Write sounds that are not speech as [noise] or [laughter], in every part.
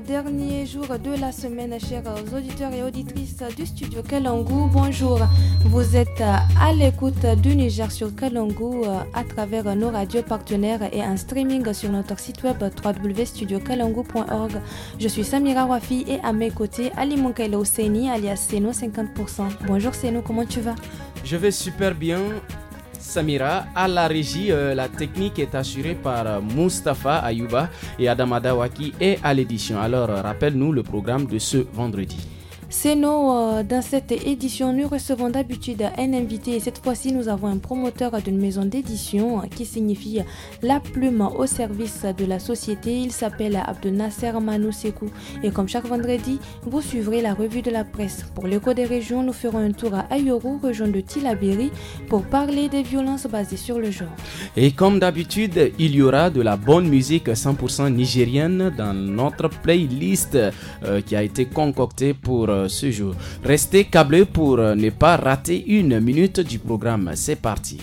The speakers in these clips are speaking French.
dernier jour de la semaine, chers auditeurs et auditrices du studio Kalangu. Bonjour, vous êtes à l'écoute du Niger sur Kalangu euh, à travers nos radios partenaires et un streaming sur notre site web www.studiokalangu.org. Je suis Samira Wafi et à mes côtés Ali Monkaila Seni alias Seno 50%. Bonjour Seno, comment tu vas Je vais super bien. Samira. À la régie, euh, la technique est assurée par euh, Mustafa Ayuba et Adamadawaki Adawaki et à l'édition. Alors, euh, rappelle-nous le programme de ce vendredi. C'est nous. Euh, dans cette édition, nous recevons d'habitude un invité cette fois-ci, nous avons un promoteur d'une maison d'édition qui signifie la plume au service de la société. Il s'appelle Abdel Nasser Manousekou et comme chaque vendredi, vous suivrez la revue de la presse. Pour l'écho des régions, nous ferons un tour à Ayoro, région de Tilaberi, pour parler des violences basées sur le genre. Et comme d'habitude, il y aura de la bonne musique 100% nigérienne dans notre playlist euh, qui a été concoctée pour euh, ce jour. Restez câblés pour euh, ne pas rater une minute du programme. C'est parti.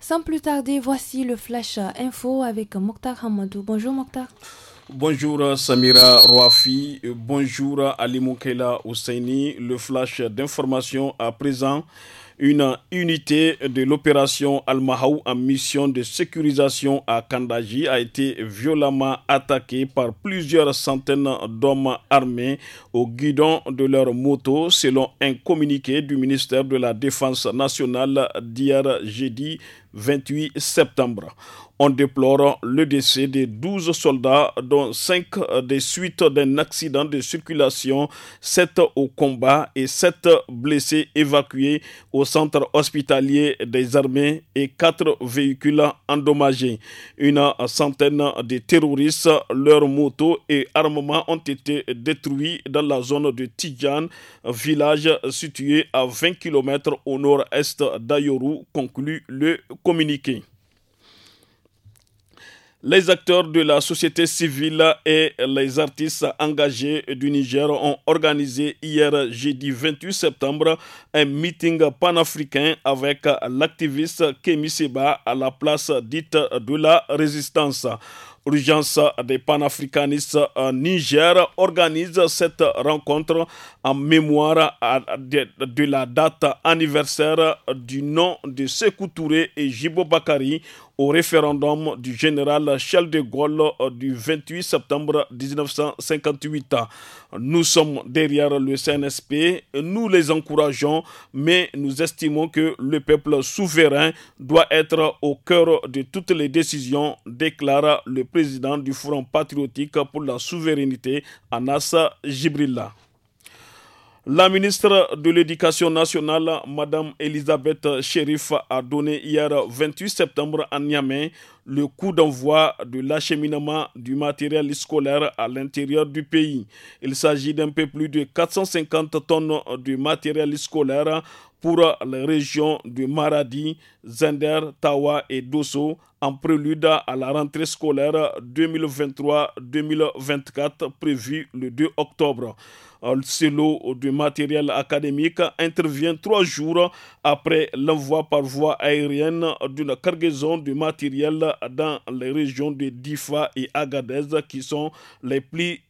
Sans plus tarder, voici le Flash Info avec Mokhtar Hamadou. Bonjour Mokhtar. Bonjour euh, Samira Roafi. Euh, bonjour Ali Moukela Ousseini. Le flash d'information à présent une unité de l'opération al en mission de sécurisation à Kandaji a été violemment attaquée par plusieurs centaines d'hommes armés au guidon de leur moto, selon un communiqué du ministère de la Défense nationale d'hier jeudi 28 septembre. On déplore le décès de 12 soldats, dont 5 euh, des suites d'un accident de circulation, 7 au combat et 7 blessés évacués au centre hospitalier des armées et 4 véhicules endommagés. Une centaine de terroristes, leurs motos et armements ont été détruits dans la zone de Tijan, village situé à 20 km au nord-est d'Ayoru, conclut le communiqué. Les acteurs de la société civile et les artistes engagés du Niger ont organisé hier jeudi 28 septembre un meeting panafricain avec l'activiste Kemi Seba à la place dite de la résistance. Urgence des panafricanistes Niger organise cette rencontre en mémoire de la date anniversaire du nom de Sekou Touré et Jibo Bakari au référendum du général Charles de Gaulle euh, du 28 septembre 1958. Nous sommes derrière le CNSP, nous les encourageons, mais nous estimons que le peuple souverain doit être au cœur de toutes les décisions, déclare le président du Front patriotique pour la souveraineté, Anas Gibrilla. La ministre de l'Éducation nationale, Madame Elisabeth Sherif, a donné hier 28 septembre à Niamey le coup d'envoi de l'acheminement du matériel scolaire à l'intérieur du pays. Il s'agit d'un peu plus de 450 tonnes de matériel scolaire pour les régions de Maradi, Zender, Tawa et Dosso en prélude à la rentrée scolaire 2023-2024 prévue le 2 octobre. Le lot du matériel académique intervient trois jours après l'envoi par voie aérienne d'une cargaison de matériel dans les régions de Difa et Agadez qui sont les plus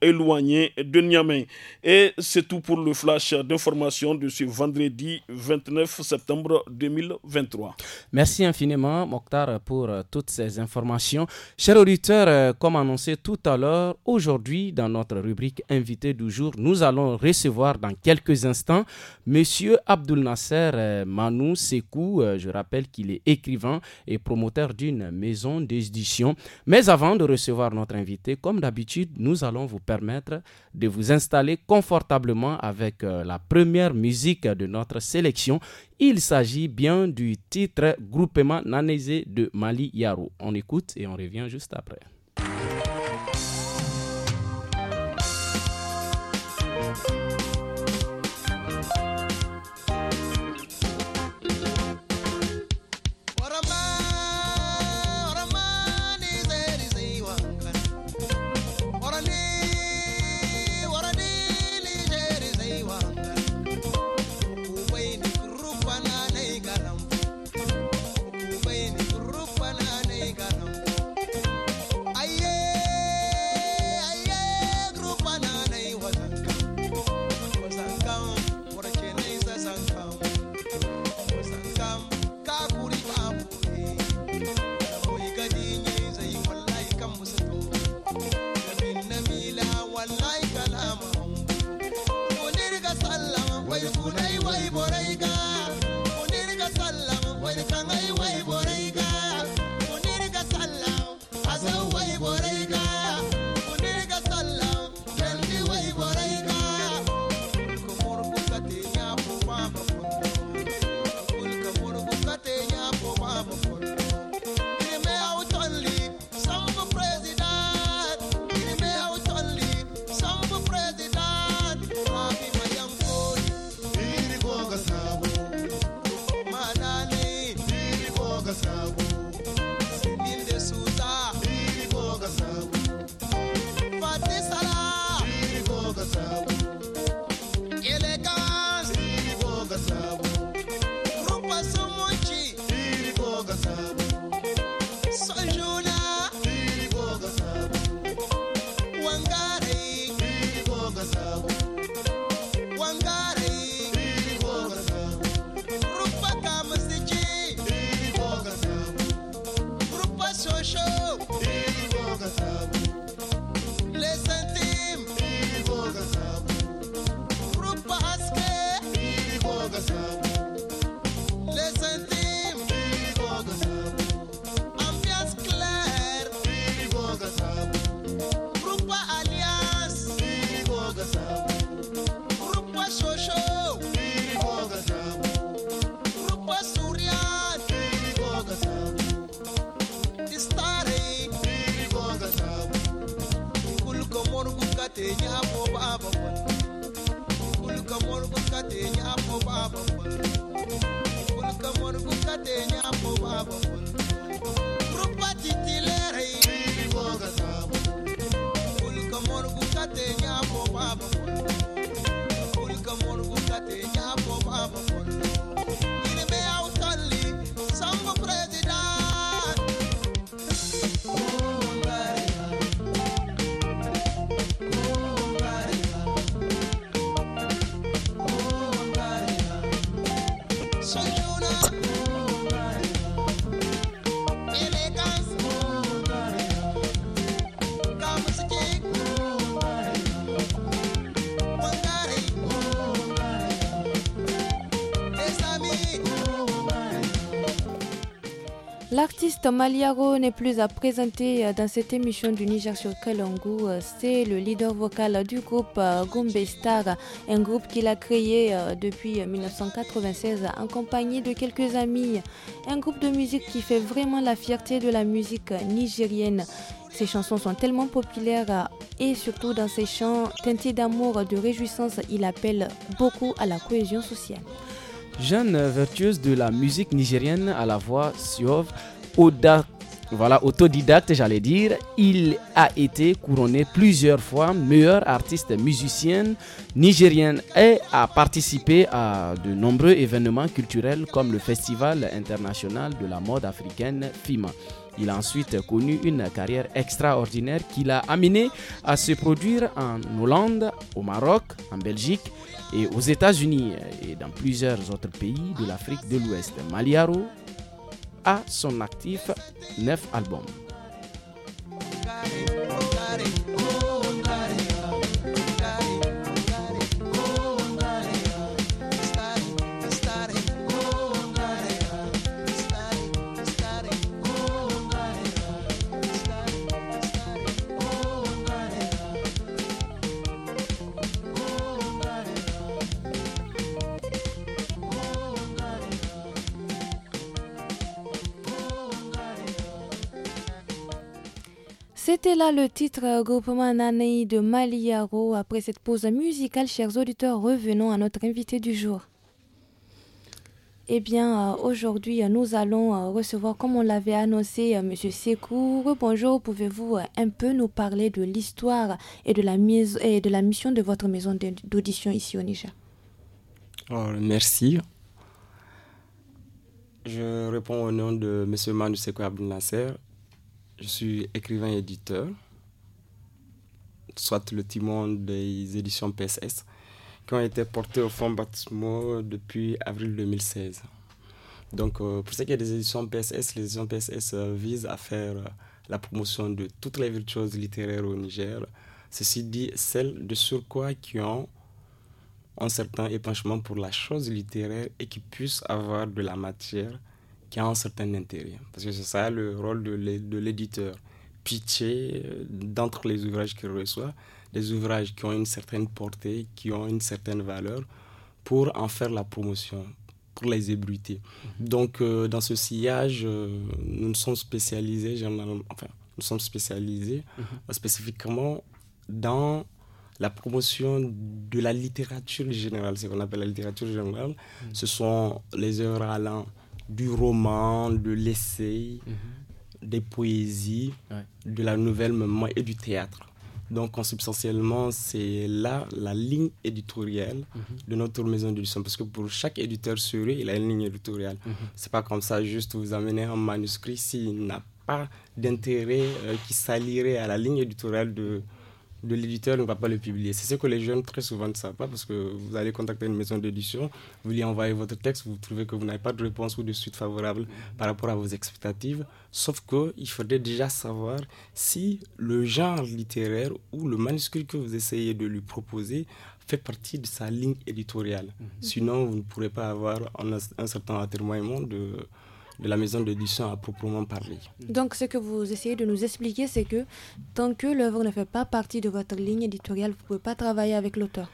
éloigné de Niamey. Et c'est tout pour le flash d'information de ce vendredi 29 septembre 2023. Merci infiniment, Mokhtar, pour euh, toutes ces informations. Chers auditeurs, euh, comme annoncé tout à l'heure, aujourd'hui, dans notre rubrique Invité du jour, nous allons recevoir dans quelques instants M. Abdul Nasser euh, Manou Sekou. Je rappelle qu'il est écrivain et promoteur d'une maison d'édition. Mais avant de recevoir notre invité, comme d'habitude, nous allons vous permettre de vous installer confortablement avec euh, la première musique de notre sélection. Il s'agit bien du titre Groupement Nanésé de Mali yarou On écoute et on revient juste après. te nya kul ka mor ku ka te kul ka mor ku ka te L'artiste Maliaro n'est plus à présenter euh, dans cette émission du Niger sur Kalongu. Euh, c'est le leader vocal du groupe euh, Gombe Star, un groupe qu'il a créé depuis 1996 en compagnie de quelques amis. Un groupe de musique qui fait vraiment la fierté de la musique nigérienne. Ses chansons sont tellement populaires et surtout dans ses chants teintés d'amour, de réjouissance, il appelle beaucoup à la cohésion sociale. Jeune vertueuse de la musique nigérienne à la voix suave, voilà, autodidacte, j'allais dire. Il a été couronné plusieurs fois meilleur artiste musicien nigérien et a participé à de nombreux événements culturels comme le Festival international de la mode africaine FIMA. Il a ensuite connu une carrière extraordinaire qui l'a amené à se produire en Hollande, au Maroc, en Belgique et aux États-Unis et dans plusieurs autres pays de l'Afrique de l'Ouest. Maliaro à son actif 9 albums. C'était là le titre euh, groupement Nanaï de Maliaro. Après cette pause musicale, chers auditeurs, revenons à notre invité du jour. Eh bien, euh, aujourd'hui, euh, nous allons recevoir, comme on l'avait annoncé, M. Sekou. Bonjour, pouvez-vous un peu nous parler de l'histoire et, de la et de la mission de votre maison d'audition ici au Niger oh, Merci. Je réponds au nom de M. Manu Sekou Abdel Nasser, je suis écrivain et éditeur, soit le timon des éditions PSS, qui ont été portées au fond bâtiment depuis avril 2016. Donc, euh, pour ce qui est des éditions PSS, les éditions PSS euh, visent à faire euh, la promotion de toutes les virtuoses littéraires au Niger. Ceci dit, celles de surcroît qui ont un certain épanchement pour la chose littéraire et qui puissent avoir de la matière qui a un certain intérêt. Parce que c'est ça le rôle de l'éditeur. Pitcher euh, d'entre les ouvrages qu'il reçoit, des ouvrages qui ont une certaine portée, qui ont une certaine valeur, pour en faire la promotion, pour les ébruiter. Mhm. Donc, euh, dans ce sillage, euh, nous nous sommes spécialisés, généralement, enfin, nous sommes spécialisés mhm. spécifiquement dans la promotion de la littérature générale, ce qu'on appelle la littérature générale. Mhm. Ce sont les œuvres allant du roman, de l'essai, mhm. des poésies, de la nouvelle même et du théâtre. Donc, substantiellement, c'est là la ligne éditoriale mhm. de notre maison d'édition. Parce que pour chaque éditeur sur il a une ligne éditoriale. Ce mhm. n'est C'est pas comme ça, juste vous amener un manuscrit s'il n'a pas d'intérêt euh, qui s'allierait à la ligne éditoriale de, de l'éditeur ne va pas le publier. C'est ce que les jeunes très souvent ne savent pas parce que vous allez contacter une maison d'édition, vous lui envoyez votre texte, vous trouvez que vous n'avez pas de réponse ou de suite favorable par rapport à vos expectatives. Sauf qu'il faudrait déjà savoir si le genre littéraire ou le manuscrit que vous essayez de lui proposer fait partie de sa ligne éditoriale. Mhm. Sinon, vous ne pourrez pas avoir un, certain attémoignement de de la maison d'édition à proprement parler. Donc ce que vous essayez de nous expliquer, c'est que tant que l'œuvre ne fait pas partie de votre ligne éditoriale, vous ne pouvez pas travailler avec l'auteur.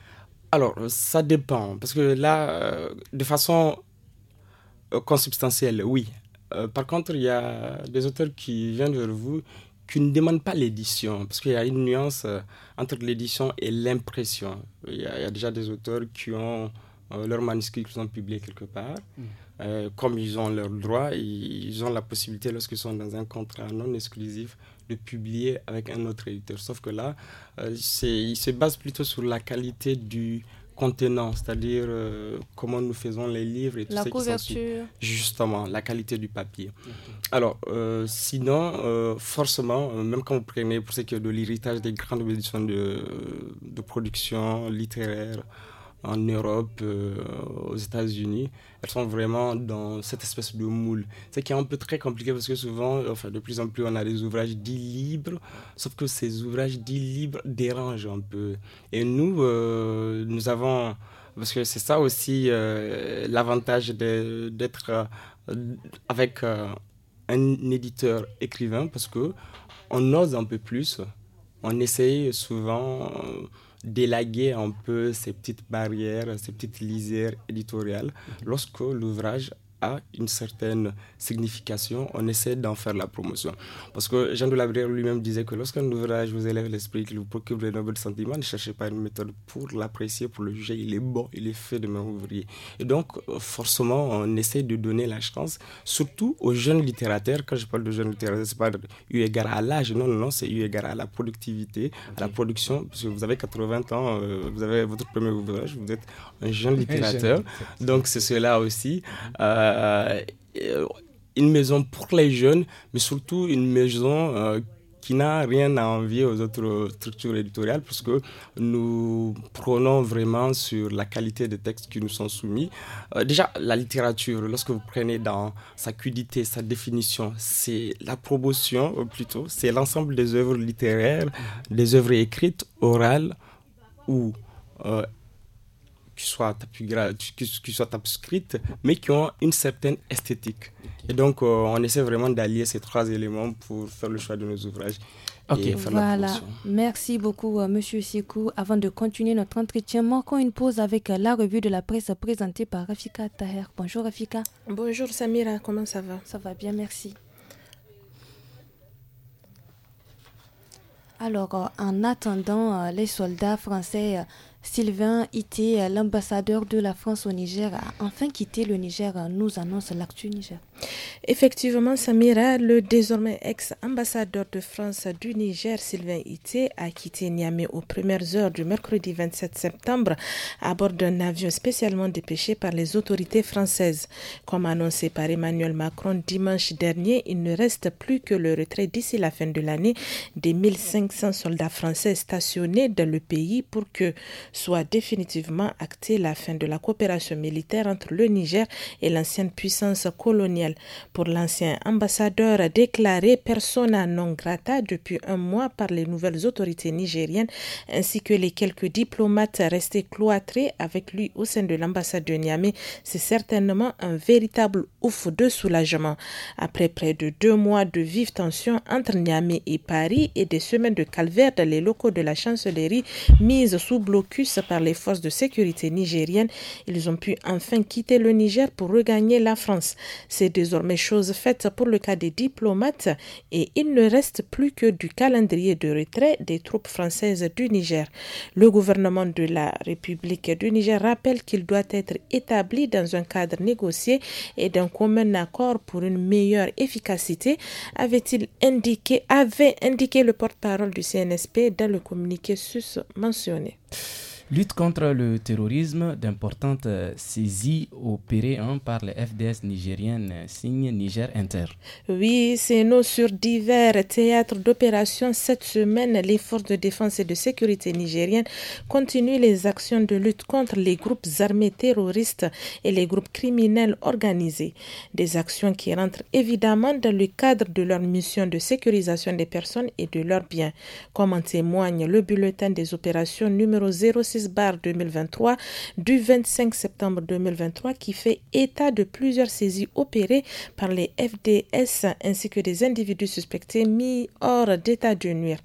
Alors, ça dépend, parce que là, euh, de façon euh, consubstantielle, oui. Euh, par contre, il y a des auteurs qui viennent vers vous qui ne demandent pas l'édition, parce qu'il y a une nuance entre l'édition et l'impression. Il, y a déjà des auteurs qui ont leurs manuscrits qui sont publiés quelque part. Mm. Euh, comme ils ont leurs droits, ils ont la possibilité, lorsqu'ils sont dans un contrat non exclusif, de publier avec un autre éditeur. Sauf que là, euh, ils se basent plutôt sur la qualité du contenant, c'est-à-dire euh, comment nous faisons les livres et tout la ça. La couverture. Justement, la qualité du papier. Alors, sinon, forcément, même quand vous prenez, pour ce qui est de l'héritage des grandes éditions de production littéraire, en Europe, euh, aux États-Unis, elles sont vraiment dans cette espèce de moule. C'est qui est un peu très compliqué parce que souvent, enfin, de plus en plus, on a des ouvrages dits libres, sauf que ces ouvrages dits libres dérangent un peu. Et nous, euh, nous avons, parce que c'est ça aussi euh, l'avantage d'être avec un éditeur écrivain, parce que on ose un peu plus, on essaye souvent délaguer un peu ces petites barrières, ces petites lisières éditoriales mhm. lorsque l'ouvrage a une certaine signification, on essaie d'en faire la promotion. Parce que Jean de Labrière lui-même disait que lorsqu'un ouvrage vous élève l'esprit, qu'il vous procure de nobles sentiments, ne cherchez pas une méthode pour l'apprécier, pour le juger. Il est bon, il est fait de même ouvrier. Et donc, forcément, on essaie de donner la chance, surtout aux jeunes littérateurs. Quand je parle de jeunes littérateurs, c'est pas eu égard à l'âge, non, non, non, c'est eu égard à la productivité, à la production. Parce que vous avez 80 ans, euh, vous avez votre premier ouvrage, vous êtes un jeune [laughs] littérateur. donc, c'est cela aussi. Euh, euh, une maison pour les jeunes, mais surtout une maison euh, qui n'a rien à envier aux autres structures éditoriales parce que nous prenons vraiment sur la qualité des textes qui nous sont soumis. Euh, déjà, la littérature, lorsque vous prenez dans sa crudité, sa définition, c'est la promotion, plutôt, c'est l'ensemble des œuvres littéraires, des œuvres écrites, orales ou qui soient, qui, qui soient abscrites, mais qui ont une certaine esthétique. Et donc, euh, on essaie vraiment d'allier ces trois éléments pour faire le choix de nos ouvrages. ok Et faire voilà. Merci beaucoup, euh, Monsieur Sikou. Avant de continuer notre entretien, marquons une pause avec euh, la revue de la presse présentée par Rafika Taher. Bonjour, Rafika. Bonjour, Samira. Comment ça va Ça va bien, merci. Alors, en attendant, les soldats français Sylvain Ité, l'ambassadeur de la France au Niger, a enfin quitté le Niger, nous annonce l'actu Niger. Effectivement, Samira, le désormais ex-ambassadeur de France du Niger, Sylvain Ité, a quitté Niamey aux premières heures du mercredi 27 septembre à bord d'un avion spécialement dépêché par les autorités françaises. Comme annoncé par Emmanuel Macron dimanche dernier, il ne reste plus que le retrait d'ici la fin de l'année des 1500 soldats français stationnés dans le pays pour que soit définitivement actée la fin de la coopération militaire entre le Niger et l'ancienne puissance coloniale. Pour l'ancien ambassadeur déclaré persona non grata depuis un mois par les nouvelles autorités nigériennes, ainsi que les quelques diplomates restés cloîtrés avec lui au sein de l'ambassade de Niamey, c'est certainement un véritable ouf de soulagement. Après près de deux mois de vives tensions entre Niamey et Paris et des semaines de calvaire dans les locaux de la chancellerie mise sous blocus par les forces de sécurité nigériennes, ils ont pu enfin quitter le Niger pour regagner la France. C'est désormais chose faite pour le cas des diplomates et il ne reste plus que du calendrier de retrait des troupes françaises du Niger. Le gouvernement de la République du Niger rappelle qu'il doit être établi dans un cadre négocié et d'un commun accord pour une meilleure efficacité, avait-il indiqué, avait indiqué le porte-parole du CNSP dans le communiqué sus mentionné. Lutte contre le terrorisme, d'importantes euh, saisies opérées hein, par les FDS nigériennes, euh, signe Niger Inter. Oui, c'est nous sur divers théâtres d'opérations, Cette semaine, les forces de défense et de sécurité nigériennes continuent les actions de lutte contre les groupes armés terroristes et les groupes criminels organisés. Des actions qui rentrent évidemment dans le cadre de leur mission de sécurisation des personnes et de leurs biens, comme en témoigne le bulletin des opérations numéro 06 barre 2023 du 25 septembre 2023 qui fait état de plusieurs saisies opérées par les FDS ainsi que des individus suspectés mis hors d'état de nuire.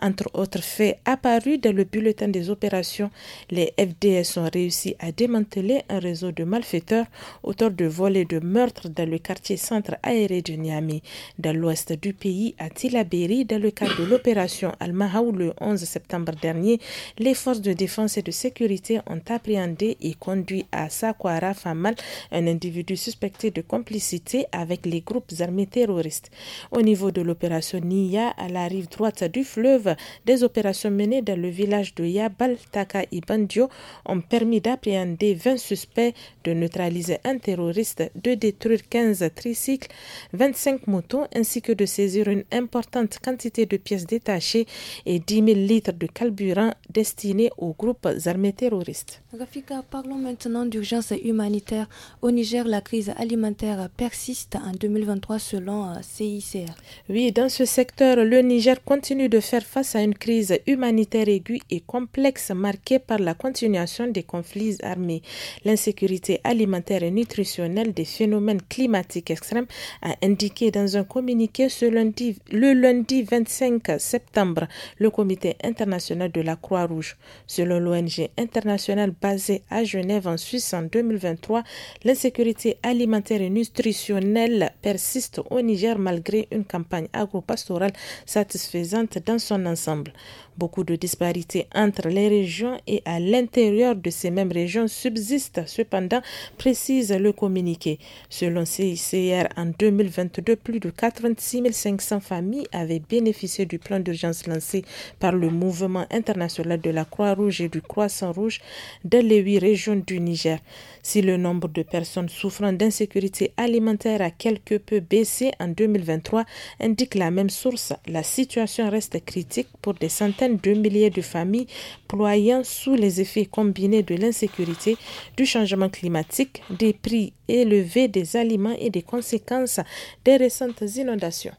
Entre autres faits apparus dans le bulletin des opérations, les FDS ont réussi à démanteler un réseau de malfaiteurs autour de volets de meurtres dans le quartier centre aéré de Niamey, dans l'ouest du pays, à Tilaberi, dans le cadre de l'opération al le 11 septembre dernier. Les forces de défense de sécurité ont appréhendé et conduit à Sakwara Famal, un individu suspecté de complicité avec les groupes armés terroristes. Au niveau de l'opération Nia, à la rive droite du fleuve, des opérations menées dans le village de Yabal, Taka et Bandio ont permis d'appréhender 20 suspects, de neutraliser un terroriste, de détruire 15 tricycles, 25 motos ainsi que de saisir une importante quantité de pièces détachées et 10 000 litres de carburant destinés au groupe armées terroristes. Rafika, parlons maintenant d'urgence humanitaire. Au Niger, la crise alimentaire persiste en 2023 selon euh, CICR. Oui, dans ce secteur, le Niger continue de faire face à une crise humanitaire aiguë et complexe marquée par la continuation des conflits armés, l'insécurité alimentaire et nutritionnelle des phénomènes climatiques extrêmes, a indiqué dans un communiqué ce le lundi 25 septembre le Comité international de la Croix-Rouge. Selon l'ONU, International basé à Genève en Suisse en 2023, l'insécurité alimentaire et nutritionnelle persiste au Niger malgré une campagne agro-pastorale satisfaisante dans son ensemble. Beaucoup de disparités entre les régions et à l'intérieur de ces mêmes régions subsistent cependant, précise le communiqué. Selon CICR, en 2022, plus de 86 500 familles avaient bénéficié du plan d'urgence lancé par le mouvement international de la Croix-Rouge et du Croissant-Rouge dans les huit régions du Niger. Si le nombre de personnes souffrant d'insécurité alimentaire a quelque peu baissé en 2023, indique la même source, la situation reste critique pour des centaines de milliers de familles ployant sous les effets combinés de l'insécurité, du changement climatique, des prix élevés des aliments et des conséquences des récentes inondations.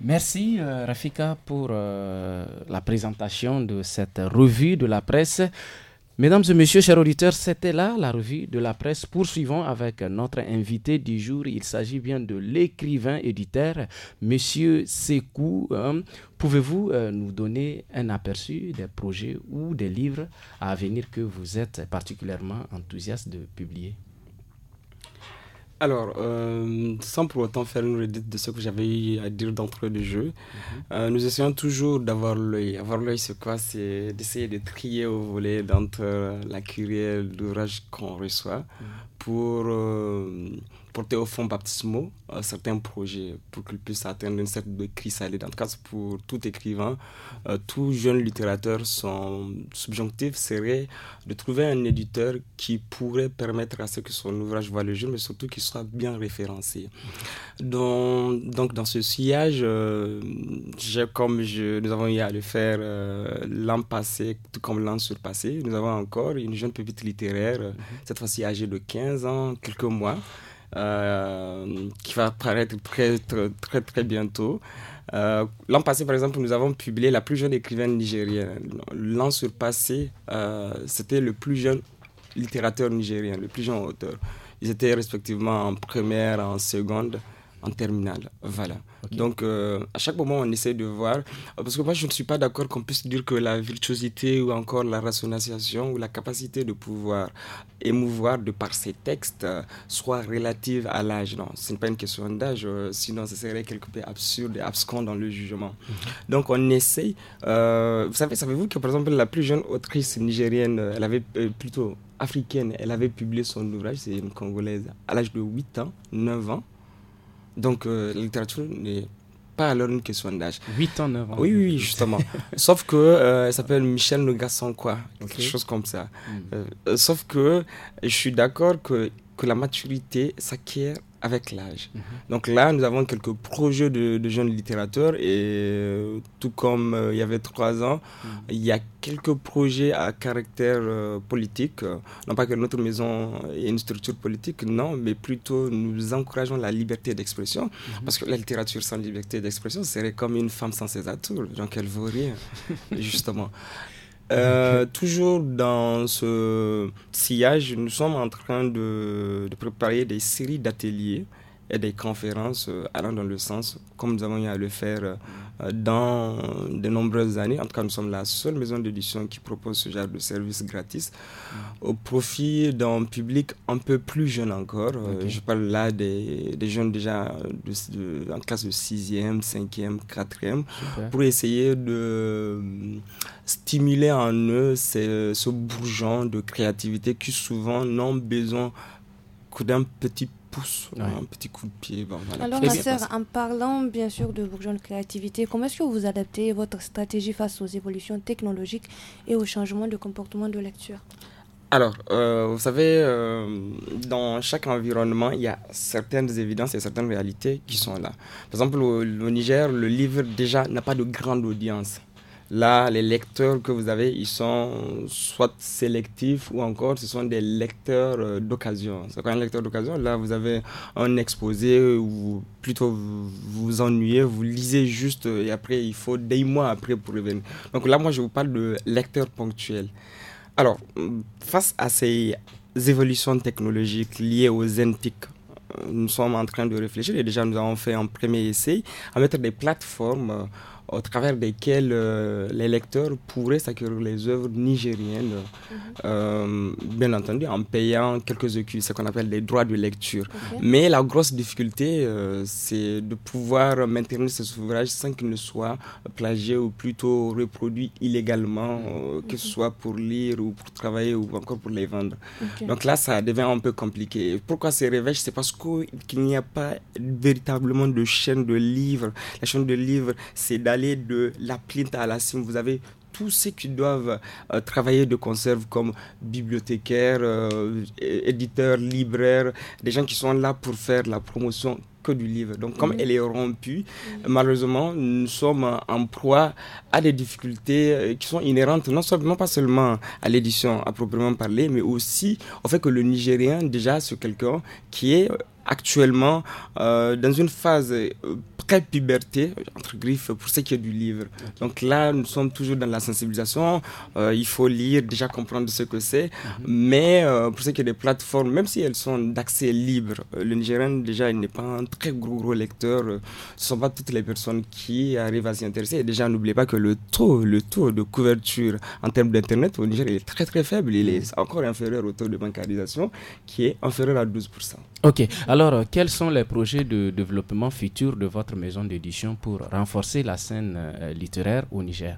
Merci euh, Rafika pour euh, la présentation de cette revue de la presse. Mesdames et messieurs, chers auditeurs, c'était là la revue de la presse. Poursuivons avec notre invité du jour. Il s'agit bien de l'écrivain éditeur, Monsieur Sekou. Euh, pouvez-vous euh, nous donner un aperçu des projets ou des livres à venir que vous êtes particulièrement enthousiaste de publier alors, euh, sans pour autant faire une redite de ce que j'avais à dire d'entre les jeu, mhm. euh, nous essayons toujours d'avoir l'œil. Avoir l'œil, c'est quoi C'est d'essayer de trier au volet d'entre la curie et l'ouvrage qu'on reçoit mhm. pour euh, porter au fond baptismaux euh, certains projets pour qu'ils puissent atteindre une certaine chrysalide. En tout cas, pour tout écrivain, euh, tout jeune littérateur, son subjonctif serait de trouver un éditeur qui pourrait permettre à ce que son ouvrage voit le jour, mais surtout qu'il soit bien référencé. Donc, donc dans ce sillage, euh, comme nous avons eu à le faire l'an passé, tout comme l'an surpassé, nous avons encore une jeune petite littéraire, mhm. cette fois-ci âgée de 15 ans, quelques mois, euh, qui va apparaître très, très, très, bientôt. Euh, l'an passé, par exemple, nous avons publié la plus jeune écrivaine nigérienne. L'an surpassé, euh, c'était le plus jeune littérateur nigérien, le plus jeune auteur. Ils étaient respectivement en première, en seconde en terminale. Voilà. Donc, euh, à chaque moment, on essaie de voir. Parce que moi, je ne suis pas d'accord qu'on puisse dire que la virtuosité ou encore la rationalisation ou la capacité de pouvoir émouvoir de par ses textes euh, soit relative à l'âge. Non, ce n'est pas une question d'âge, euh, sinon ce serait quelque peu absurde et abscond dans le jugement. Mhm. Donc, on essaie. vous savez, savez-vous que, par exemple, la plus jeune autrice nigérienne, elle avait plutôt africaine, elle avait publié son ouvrage, c'est une Congolaise, à l'âge de 8 ans, 9 ans. Donc, euh, la littérature n'est pas alors une question d'âge. 8 ans, 9 ans. Oui, oui, justement. [laughs] sauf que euh, s'appelle Michel Le quoi. Quelque chose comme ça. Hmm. Euh, sauf que je suis d'accord que, que la maturité s'acquiert avec l'âge. Mhm. Donc là, nous avons quelques projets de, jeunes littérateurs et euh, tout comme euh, il y avait trois ans, mhm. il y a quelques projets à caractère euh, politique. Non pas que notre maison ait une structure politique, non, mais plutôt nous encourageons la liberté d'expression mhm. parce que la littérature sans liberté d'expression serait comme une femme sans ses atours, donc elle vaut rien, [laughs] justement. Euh, toujours dans ce sillage, nous sommes en train de, de préparer des séries d'ateliers et des conférences euh, allant dans le sens, comme nous avons eu à le faire euh, dans de nombreuses années. En tout cas, nous sommes la seule maison d'édition qui propose ce genre de service gratis mm. au profit d'un public un peu plus jeune encore. Euh, je parle là des, des jeunes déjà de, en classe de 6e, 5e, 4e, pour essayer de stimuler en eux ce bourgeon de créativité qui souvent n'ont besoin que d'un petit pousse, un petit coup de pied. Ben, alors, ma sœur, en parlant bien sûr de de créativité, comment est-ce que vous adaptez votre stratégie face aux évolutions technologiques et aux changements de comportement de lecture alors, euh, vous savez, euh, dans chaque environnement, il y a certaines évidences et certaines réalités qui sont là. Par exemple, au Niger, le livre déjà n'a pas de grande audience. Là, les lecteurs que vous avez, ils sont soit sélectifs ou encore ce sont des lecteurs euh, d'occasion. C'est même un lecteur d'occasion Là, vous avez un exposé ou plutôt vous vous ennuyez, vous lisez juste euh, et après, il faut des mois après pour revenir. Donc là, moi, je vous parle de lecteurs ponctuels. Alors, face à ces évolutions technologiques liées aux NPIC, euh, nous sommes en train de réfléchir et déjà nous avons fait un premier essai à mettre des plateformes au travers desquels euh, les lecteurs pourraient s'acquérir les œuvres nigériennes, euh, bien entendu en payant quelques écus, ce qu'on appelle des droits de lecture. Mais la grosse difficulté, euh, c'est de pouvoir maintenir ces ouvrages sans qu'ils ne soient plagiés ou plutôt reproduits illégalement, que ce soit pour lire ou pour travailler ou encore pour les vendre. Donc là, ça devient un peu compliqué. Pourquoi ces révèches C'est parce qu'il n'y a pas véritablement de chaîne de livres. La chaîne de livres, c'est d'aller de la plinte à la cime, vous avez tous ceux qui doivent euh, travailler de conserve comme bibliothécaires, euh, éditeurs, libraires, des gens qui sont là pour faire la promotion que du livre. Donc comme mhm. elle est rompue, malheureusement, nous sommes en proie à des difficultés euh, qui sont inhérentes non, seulement, pas seulement à l'édition à proprement parler, mais aussi au fait que le Nigérien déjà c'est quelqu'un qui est actuellement euh, dans une phase pré-puberté, euh, entre griffes, pour ce qui est du livre. Donc là, nous sommes toujours dans la sensibilisation. Euh, il faut lire, déjà comprendre ce que c'est. Mhm. Mais pour ce qui est des plateformes, même si elles sont d'accès libre, le Nigérien, déjà, il n'est pas un très gros, gros lecteur. Ce ne sont pas toutes les personnes qui arrivent à s'y intéresser. Et déjà, n'oubliez pas que le taux, le taux de couverture en termes d'Internet au Niger, est très, très faible. Il est mhm. encore inférieur au taux de bancarisation qui est inférieur à 12%. OK. Alors, alors, euh, quels sont les projets de développement futur de votre maison d'édition pour renforcer la scène euh, littéraire au Niger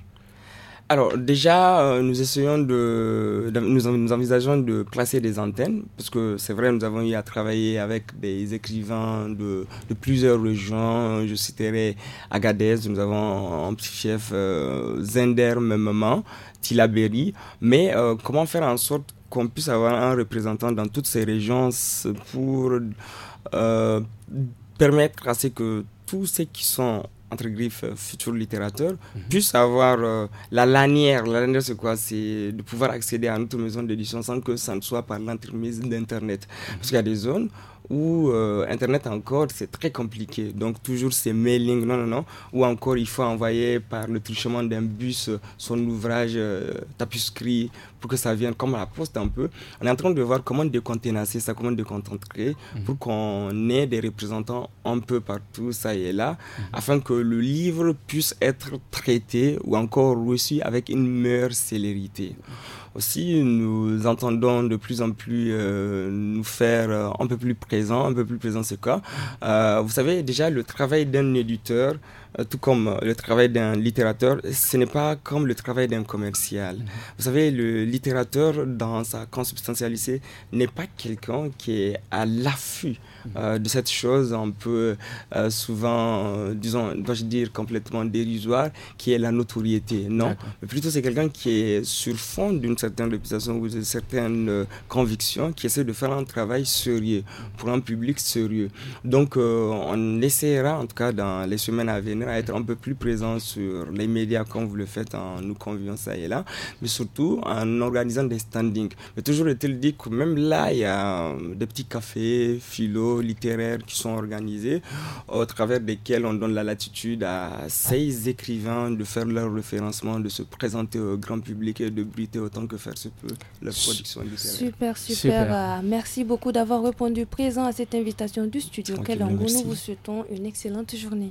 alors déjà, euh, nous essayons de, nous, envisageons de placer des antennes parce que c'est vrai, nous avons eu à travailler avec des écrivains de, plusieurs régions. Je citerai Agadez, nous avons un petit chef Zender, Maman, Tilaberi. Mais comment faire en sorte qu'on puisse avoir un représentant dans toutes ces régions pour euh, permettre à ce que tous ceux qui sont entre griffes euh, futurs littérateurs mhm. puissent avoir euh, la lanière. La lanière, c'est quoi C'est de pouvoir accéder à notre maison d'édition sans que ça ne soit par l'entremise d'Internet. Mhm. Parce qu'il y a des zones ou euh, Internet encore, c'est très compliqué. Donc toujours ces mailings, non, non, non. Ou encore, il faut envoyer par le truchement d'un bus euh, son ouvrage tapis euh, tapuscrit pour que ça vienne comme la poste un peu. On est en train de voir comment décontainer ça, comment de mhm. pour qu'on ait des représentants un peu partout, ça et là, mhm. afin que le livre puisse être traité ou encore reçu avec une meilleure célérité aussi, nous entendons de plus en plus euh, nous faire euh, un peu plus présent un peu plus présents ce cas. Euh, vous savez, déjà, le travail d'un éditeur, euh, tout comme euh, le travail d'un littérateur, ce n'est pas comme le travail d'un commercial. Vous savez, le littérateur, dans sa consubstantialité, n'est pas quelqu'un qui est à l'affût euh, de cette chose un peu souvent, disons, dois-je dire, complètement dérisoire, qui est la notoriété. Non, mais plutôt c'est quelqu'un qui est sur fond d'une certaine réputation ou de certaines convictions, qui essaie de faire un travail sérieux, pour un public sérieux. Donc, on essaiera, en tout cas, dans les semaines à venir, à être un peu plus présent sur les médias comme vous le faites en nous conviant ça et là, mais surtout en organisant des standings. Mais toujours est-il dit que même là, il y a euh, des petits cafés philo, littéraires qui sont organisés, au travers desquels on donne la latitude à ces écrivains de faire leur référencement, de se présenter au grand public et de briter autant que faire se peut leur production littéraire. Super, super. Euh, merci beaucoup d'avoir répondu présent à cette invitation du studio. Quel nous vous souhaitons une excellente journée.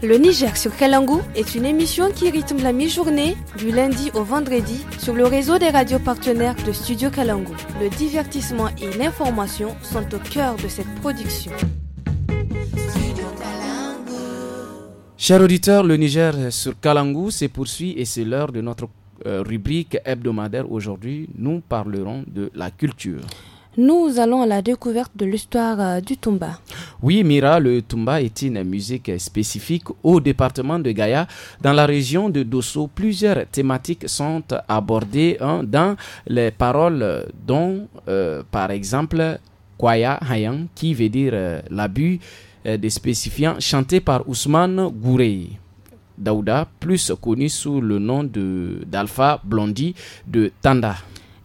Le Niger sur Kalangu est une émission qui rythme la mi-journée du lundi au vendredi sur le réseau des radios partenaires de Studio Kalangu. Le divertissement et l'information sont au cœur de cette production. Chers auditeurs, le Niger sur Kalangu se poursuit et c'est l'heure de notre euh, rubrique hebdomadaire. Aujourd'hui, nous parlerons de la culture nous allons à la découverte de l'histoire euh, du Tumba. Oui, Mira, le Tumba est une musique spécifique au département de Gaïa. Dans la région de Dosso, plusieurs thématiques sont abordées hein, dans les paroles dont, euh, par exemple, Kwaya Hayan, qui veut dire euh, l'abus des spécifiants, chanté par Ousmane Gourey. Daouda, plus connu sous le nom d'Alpha Blondie de Tanda.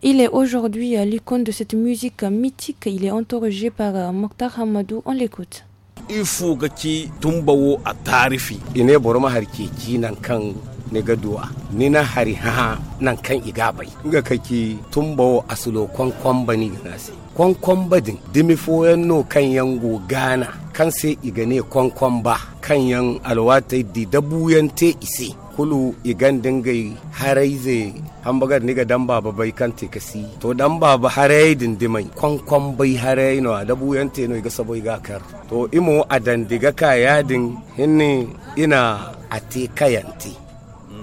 Il est aujourd'hui euh, l'icône de cette musique mythique. Il est entouré par euh, Mokhtar Hamadou. On l'écoute. il faut ga ci tumbawo a tarifi ine boro ma har qui nan kan ne ga duwa ni na hari ha nan kan iga bai ga kaki tumbawo asulo kwankwan bani ga nasi kwankwan badin dimi foyan no kan yango gana kan sai igane kwankwan ba kan yan alwate di dabuyan te isi kulu igan dingai harai ze hambagar niga dan baba bai kan te kasi to dan baba harai dindimai kwan bai harai no da te no iga sabo ga kar to imo adan diga ka yadin hinne ina ate kayanti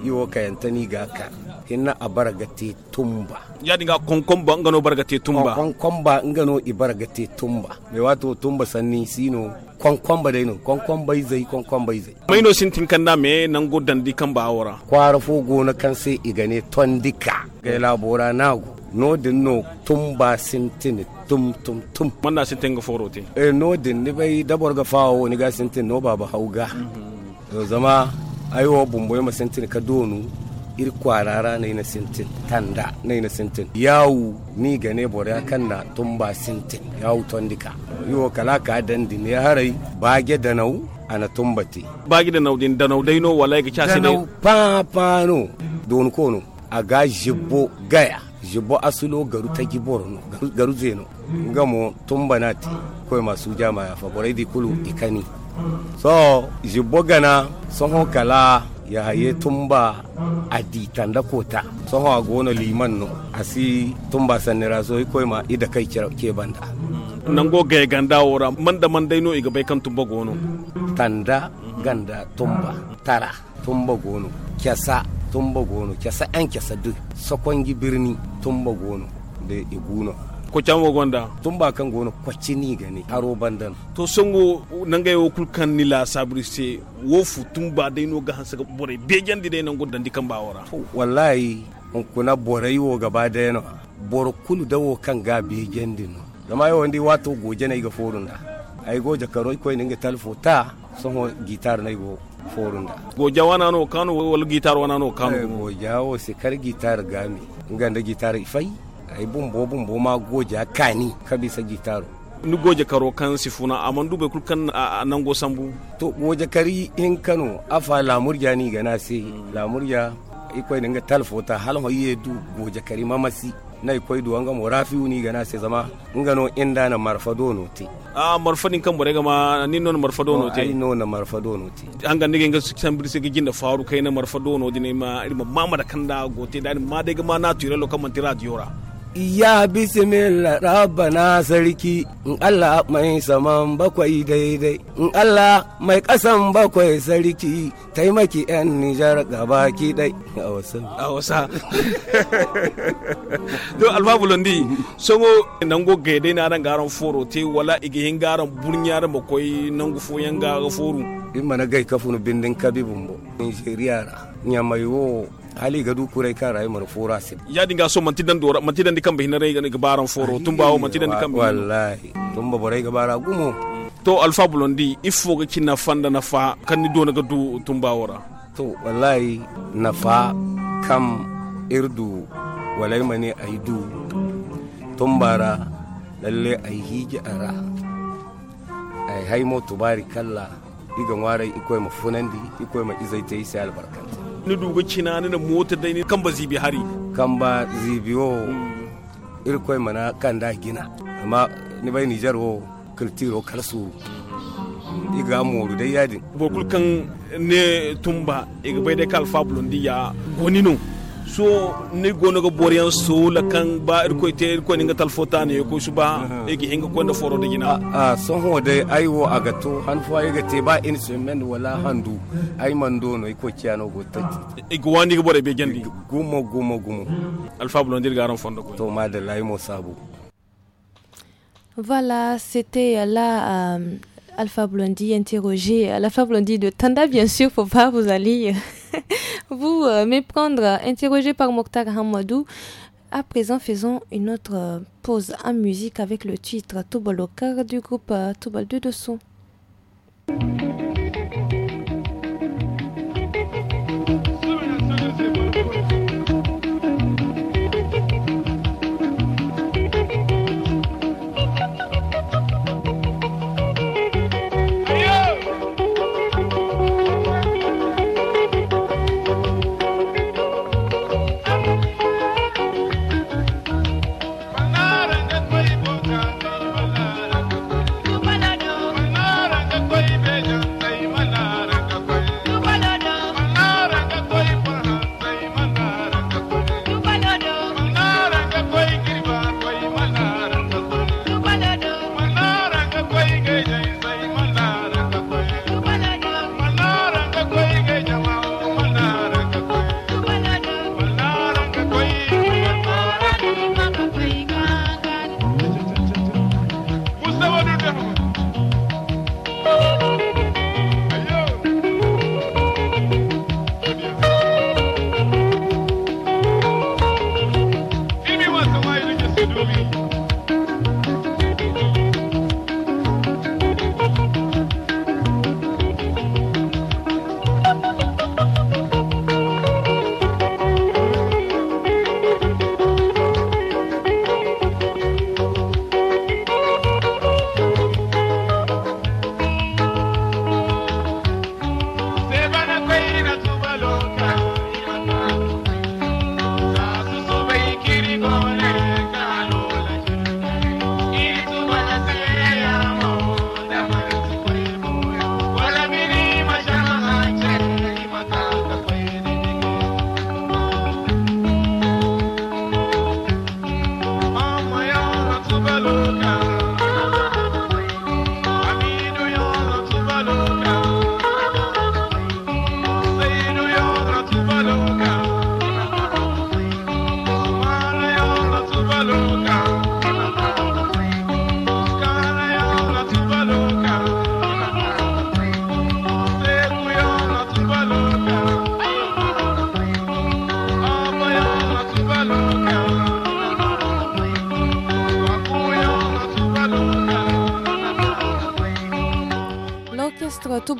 iwo kayanta ni ga kar hinna a baragate tumba dinga ga ba ngano baragate tumba ba ngano i baragate tumba me wato tumba sanni sino ba dai no konkomba izai konkomba izai mai no sintin kanna me nan godan di kan ba awara kwara fo gona kan sai ton dika ga labora nago nodin no tumba sintin tum tum tum manna sintin ga forote eh din ni bai dabar ga fawo ni ga sintin no baba hauga mhm. zama aiwo bumboye masintin ka donu irkwarara na ina sintin tanda na ina sintin yawu ni gane bore kan na tumba sintin yawu tondika yo kala ka dandi ne harai bage da nau ana tumbati bage da nau din da nau daino wala ya chasi ne pa pa no don kono a ga jibbo gaya jibbo asulo garu ta no garu zeno ngamo te. koy masu jama ya fa bore di kulu ikani so jibbo gana son kala ya haye tumba a ditan da kota so hawa gona liman no asi tumba sanira so koi ma ida kai ke banda nan go ga ganda wora man da man dai no iga bai kan tumba gono tanda ganda tumba tara tumba gono kyasa tumba gono kyasa an kyasa duk sakwangi birni tumba gono da iguno ko canwo gonda tun ba kan gono ni gani haro bandan to songo ga yo kulkan nila sabri se wo fu tun ba dai no ga hansa bore bejan di dai nan gonda di kan ba wara wallahi on kuna bore yo gaba da yana bor kunu dawo kan ga bejan di no dama yo ndi wato goje na iga forunda ai goje karo ko ninga talfo ta ho gitar na forun da goje wana no kanu wal gitar wana no kanu eh, goje wo se kar gitar gami ganda gitar ifai bo bun bo ma goja kani kabisa gitaro ni goja karo kan sifuna amma dube kulkan kan nan go sambu to goja kari in kano afa lamurja ni gana se lamurja ikoy ninga talfota hal ho ye du goja kari mamasi na ikoy du wanga morafiu ni gana se zama ngano inda na marfadono te a marfadin kan bore gama ni non marfadono te ai non marfadono te an ga nige ga sambir se gin da faru kai na marfadono ne ma irma mama da kanda gote da ma dai gama na tire lo kan mantira diora Ya bismillah rabbana sarki in Allah mai saman bakwai daidai in Allah mai kasan bakwai sarki taimaki 'yan Nijar gaba ki dai a wasa. A wasa. Do albabu londi songo nango gaidai na ran garan foro te wala igihin garan burnyar makwai nangu foyan garan foro. in mana gai kafunu bindin kabibun bo. Nigeria nyamai wo hali gadu kurai kan rayu mar fora sin ya dinga so manti dan dora manti dan dikan bahina ga baran foro tun bawo manti dan dikan wallahi tun ba borai ga bara gumo to alfa il ifo ga kina fanda na fa kan ni dona ga du tun ra. to wallahi na fa kam irdu walai mane aidu tun bara lalle ai hiji ara ai haimo tubari kalla igan warai ikoi mafunandi ikoi ma izaitai sai albarkanta ni duba cina ni mota dai ni kan ba zibi hari kan ba zibi wo irko mana kan da gina amma ni bai nijar wo kultiro kalsu iga moru dai yadin bokul ne tumba iga bai da kalfa blundi gonino so ni gono ga boriyan so la kan ba ir ko te ko ni ngal fota ko suba e gi hinga ko da foro da gina a ah, ah, son ho de ai wo aga to han fo ai ga te ba instrument wala handu ay man do no ko kiano go ta e go wani bore be gendi gumo gumo gumo alfa bulon garan fondo ko to ma da mo sabu Voilà, c'était là euh, Alpha Blondie interrogé, Alpha Blondie de Tanda, bien sûr, faut pas vous aller euh, [laughs] vous euh, méprendre, interrogé par Mokhtar Hamadou. À présent, faisons une autre euh, pause en musique avec le titre Toubalokar du groupe Toubal de Dessous.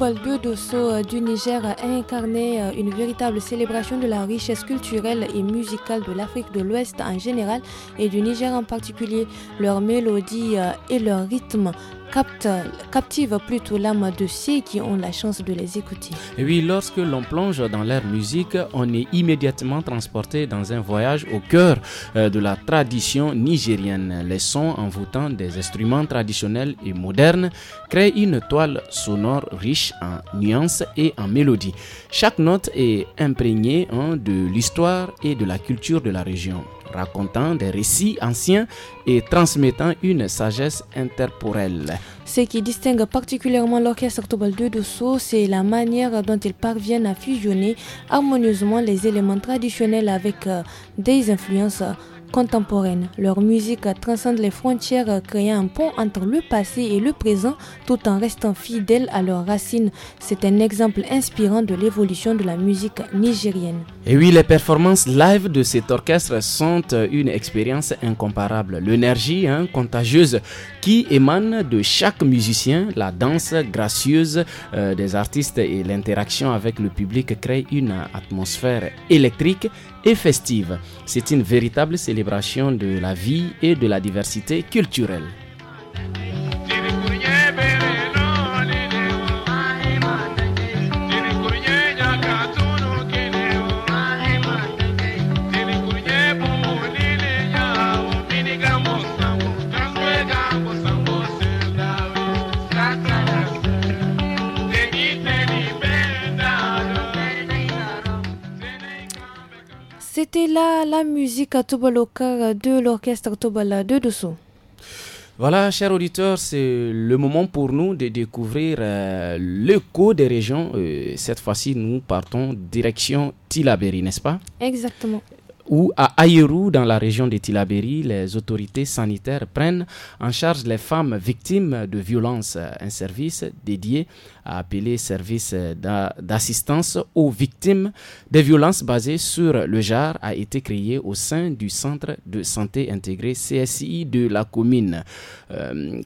du Dosso euh, du Niger a incarné euh, une véritable célébration de la richesse culturelle et musicale de l'Afrique de l'Ouest en général et du Niger en particulier. Leurs mélodies euh, et leur rythme captive plutôt l'âme de ceux qui ont la chance de les écouter. oui, lorsque l'on plonge dans leur musique, on est immédiatement transporté dans un voyage au cœur euh, de la tradition nigérienne. Les sons envoûtants des instruments traditionnels et modernes créent une toile sonore riche en nuances et en mélodies. Chaque note est imprégnée hein, de l'histoire et de la culture de la région, racontant des récits anciens et transmettant une sagesse interporelle. Ce qui distingue particulièrement l'orchestre 2 de c'est la manière dont ils parviennent à fusionner harmonieusement les éléments traditionnels avec euh, des influences contemporaine. Leur musique transcende les frontières, créant un pont entre le passé et le présent tout en restant fidèle à leurs racines. C'est un exemple inspirant de l'évolution de la musique nigérienne. Et oui, les performances live de cet orchestre sont une expérience incomparable. L'énergie hein, contagieuse qui émane de chaque musicien. La danse gracieuse euh, des artistes et l'interaction avec le public créent une atmosphère électrique et festive. C'est une véritable célébration de la vie et de la diversité culturelle. C'était là la musique à de l'orchestre Tobala de Dessous. Voilà, chers auditeurs, c'est le moment pour nous de découvrir le euh, l'écho des régions. Euh, cette fois-ci, nous partons direction Tilaberi, n'est-ce pas Exactement où à Ayerou, dans la région de Tilaberi, les autorités sanitaires prennent en charge les femmes victimes de violences. Un service dédié à appeler service d'assistance aux victimes des violences basées sur le genre a été créé au sein du centre de santé Intégrée CSI de la commune. Euh,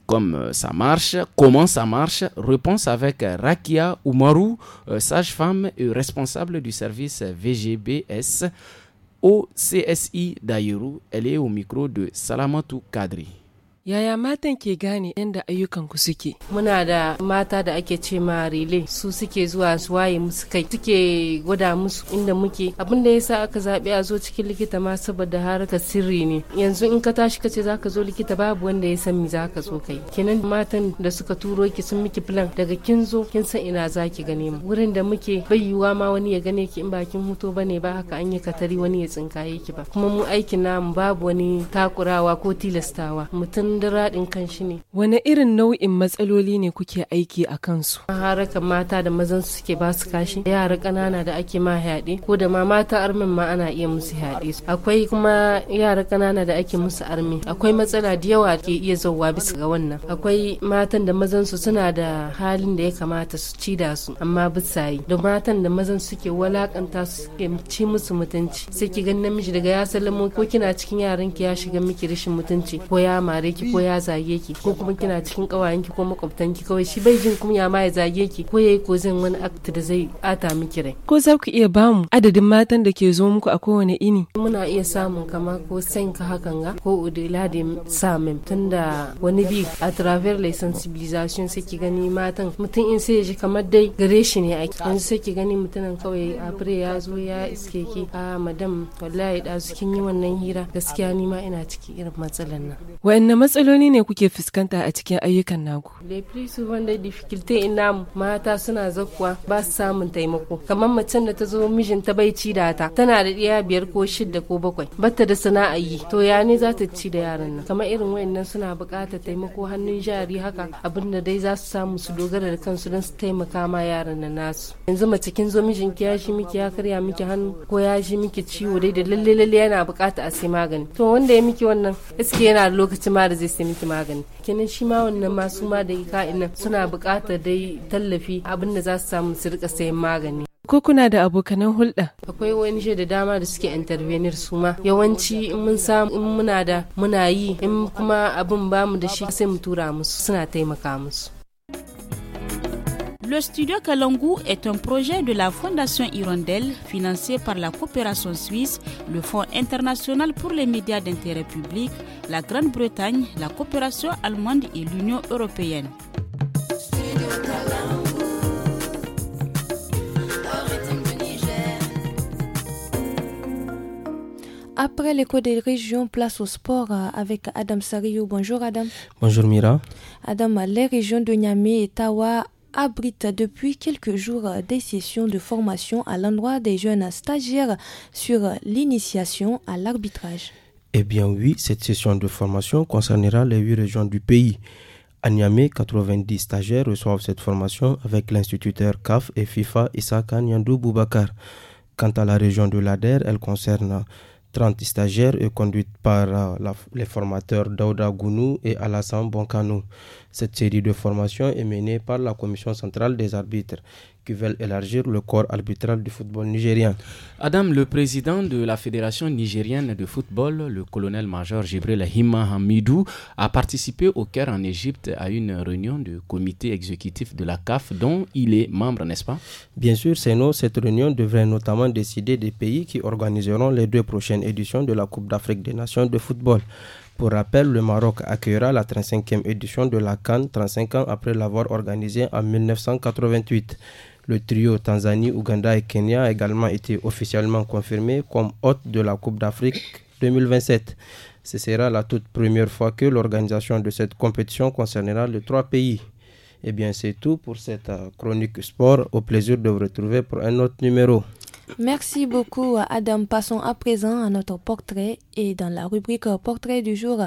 ça marche, comment ça marche Réponse avec Rakia Oumarou, euh, sage-femme et responsable du service VGBS. OCSI Daïrou. Elle est au micro de Salamatu Kadri. Yaya matan ke gane yadda ayyukanku suke? Muna da mata da ake ce ma rile su suke zuwa su waye musu kai suke gwada musu inda muke abin da yasa aka zaɓi a zo cikin likita ma saboda harkar sirri ne yanzu in ka tashi ka ce zaka zo likita babu wanda ya san me zaka zo kai kenan matan da suka turo ki sun miki plan daga kin zo kin san ina zaki gane mu wurin da muke bai yiwa ma wani ya gane ki in kin huto bane ba haka an yi katari wani ya tsinkaye ki ba kuma mu aikin namu babu wani takurawa ko tilastawa mutum kundura raɗin kan shi ne. Wane irin nau'in matsaloli ne kuke aiki a kansu? Harakan mata da mazan suke ba su kashi, yara ƙanana da ake ma haɗe, ko da ma mata armin ma ana iya musu yaɗe. Akwai kuma yara ƙanana da ake musu armi. Akwai matsala da yawa ke iya zauwa bisa ga wannan. Akwai matan da mazan su suna da halin da ya kamata su ci da su, amma bisa yi. Da matan da mazan suke walakanta su suke ci musu mutunci. Sai ki ganin namiji daga ya salamo ko kina cikin yaran ki ya shiga miki rashin mutunci ko ya mare ki ki ko ya zage ki ko kuma kina cikin kawayen ki ko makwabtan ki kawai shi bai jin kunya ma ya zage ki ko yayi ko zan wani act da zai ata miki rai ko za ku iya bamu adadin matan da ke zo muku a kowane ini muna iya samun kama ko ka hakan ga ko udila da samin tunda wani bi a travel la sensibilisation sai ki gani matan mutum in sai ya ji kamar dai gare shi ne ake yanzu sai ki gani mutumin kawai a fure ya zo ya iske ki a madam wallahi da su kin yi wannan hira gaskiya ni ma ina ciki irin matsalan nan masa. matsaloli ne kuke fuskanta a cikin ayyukan naku? Lefri su wanda difficulty in mata suna zakuwa ba su samun taimako. Kamar macen da ta zo mijin ta bai ci da ta tana da ɗiya biyar ko shidda ko bakwai batta da sana'a yi to ya ne za ta ci da yaran nan. Kamar irin wayannan suna buƙatar taimako hannun jari haka abin da dai za su samu su dogara da kansu don su taimaka ma yaran nan nasu. Yanzu mace kin zo mijinki ya shi miki ya karya miki hannu ko ya shi miki ciwo dai da lalle lalle yana buƙata a sai magani. To wanda ya miki wannan gaskiya yana lokacin ma da zai sai miki magani kenan shi ma wannan ma su ma da ka'in suna bukatar dai tallafi abin da za su samu su rika sayan magani ko kuna da abokanan hulɗa akwai wani da dama da suke intervenir su ma yawanci in mun samu in muna da muna yi in kuma abin bamu da shi sai mu tura musu suna taimaka musu Le studio Kalangu est un projet de la Fondation Hirondelle financé par la coopération suisse, le Fonds international pour les médias d'intérêt public, la Grande-Bretagne, la coopération allemande et l'Union européenne. Après l'écho des régions, place au sport avec Adam Sariou. Bonjour Adam. Bonjour Mira. Adam, les régions de Niamey et Tawa abrite depuis quelques jours des sessions de formation à l'endroit des jeunes stagiaires sur l'initiation à l'arbitrage. Eh bien oui, cette session de formation concernera les huit régions du pays. À Niamey, 90 stagiaires reçoivent cette formation avec l'instituteur CAF et FIFA Issa Nyandou Boubacar. Quant à la région de l'Ader, elle concerne 30 stagiaires et conduite par euh, les formateurs Daouda Gounou et Alassane Bonkano. Cette série de formations est menée par la Commission centrale des arbitres, qui veulent élargir le corps arbitral du football nigérien. Adam, le président de la Fédération nigérienne de football, le colonel-major Gibril Hima Hamidou, a participé au Caire en Égypte à une réunion du comité exécutif de la CAF dont il est membre, n'est-ce pas Bien sûr, c'est nous. cette réunion devrait notamment décider des pays qui organiseront les deux prochaines éditions de la Coupe d'Afrique des Nations de football. Pour rappel, le Maroc accueillera la 35e édition de la Cannes 35 ans après l'avoir organisée en 1988. Le trio Tanzanie, Ouganda et Kenya a également été officiellement confirmé comme hôte de la Coupe d'Afrique 2027. Ce sera la toute première fois que l'organisation de cette compétition concernera les trois pays. Et eh bien, c'est tout pour cette euh, chronique sport. Au plaisir de vous retrouver pour un autre numéro. Merci beaucoup Adam. Passons à présent à notre portrait et dans la rubrique portrait du jour,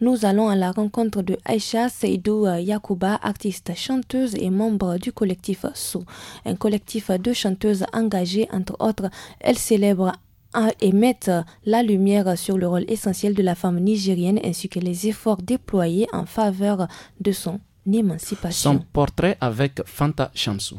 nous allons à la rencontre de Aïcha Seydou Yakuba, artiste chanteuse et membre du collectif Sou, un collectif de chanteuses engagées entre autres. Elle célèbre et mettent la lumière sur le rôle essentiel de la femme nigérienne ainsi que les efforts déployés en faveur de son émancipation. Son portrait avec Fanta Shamsou.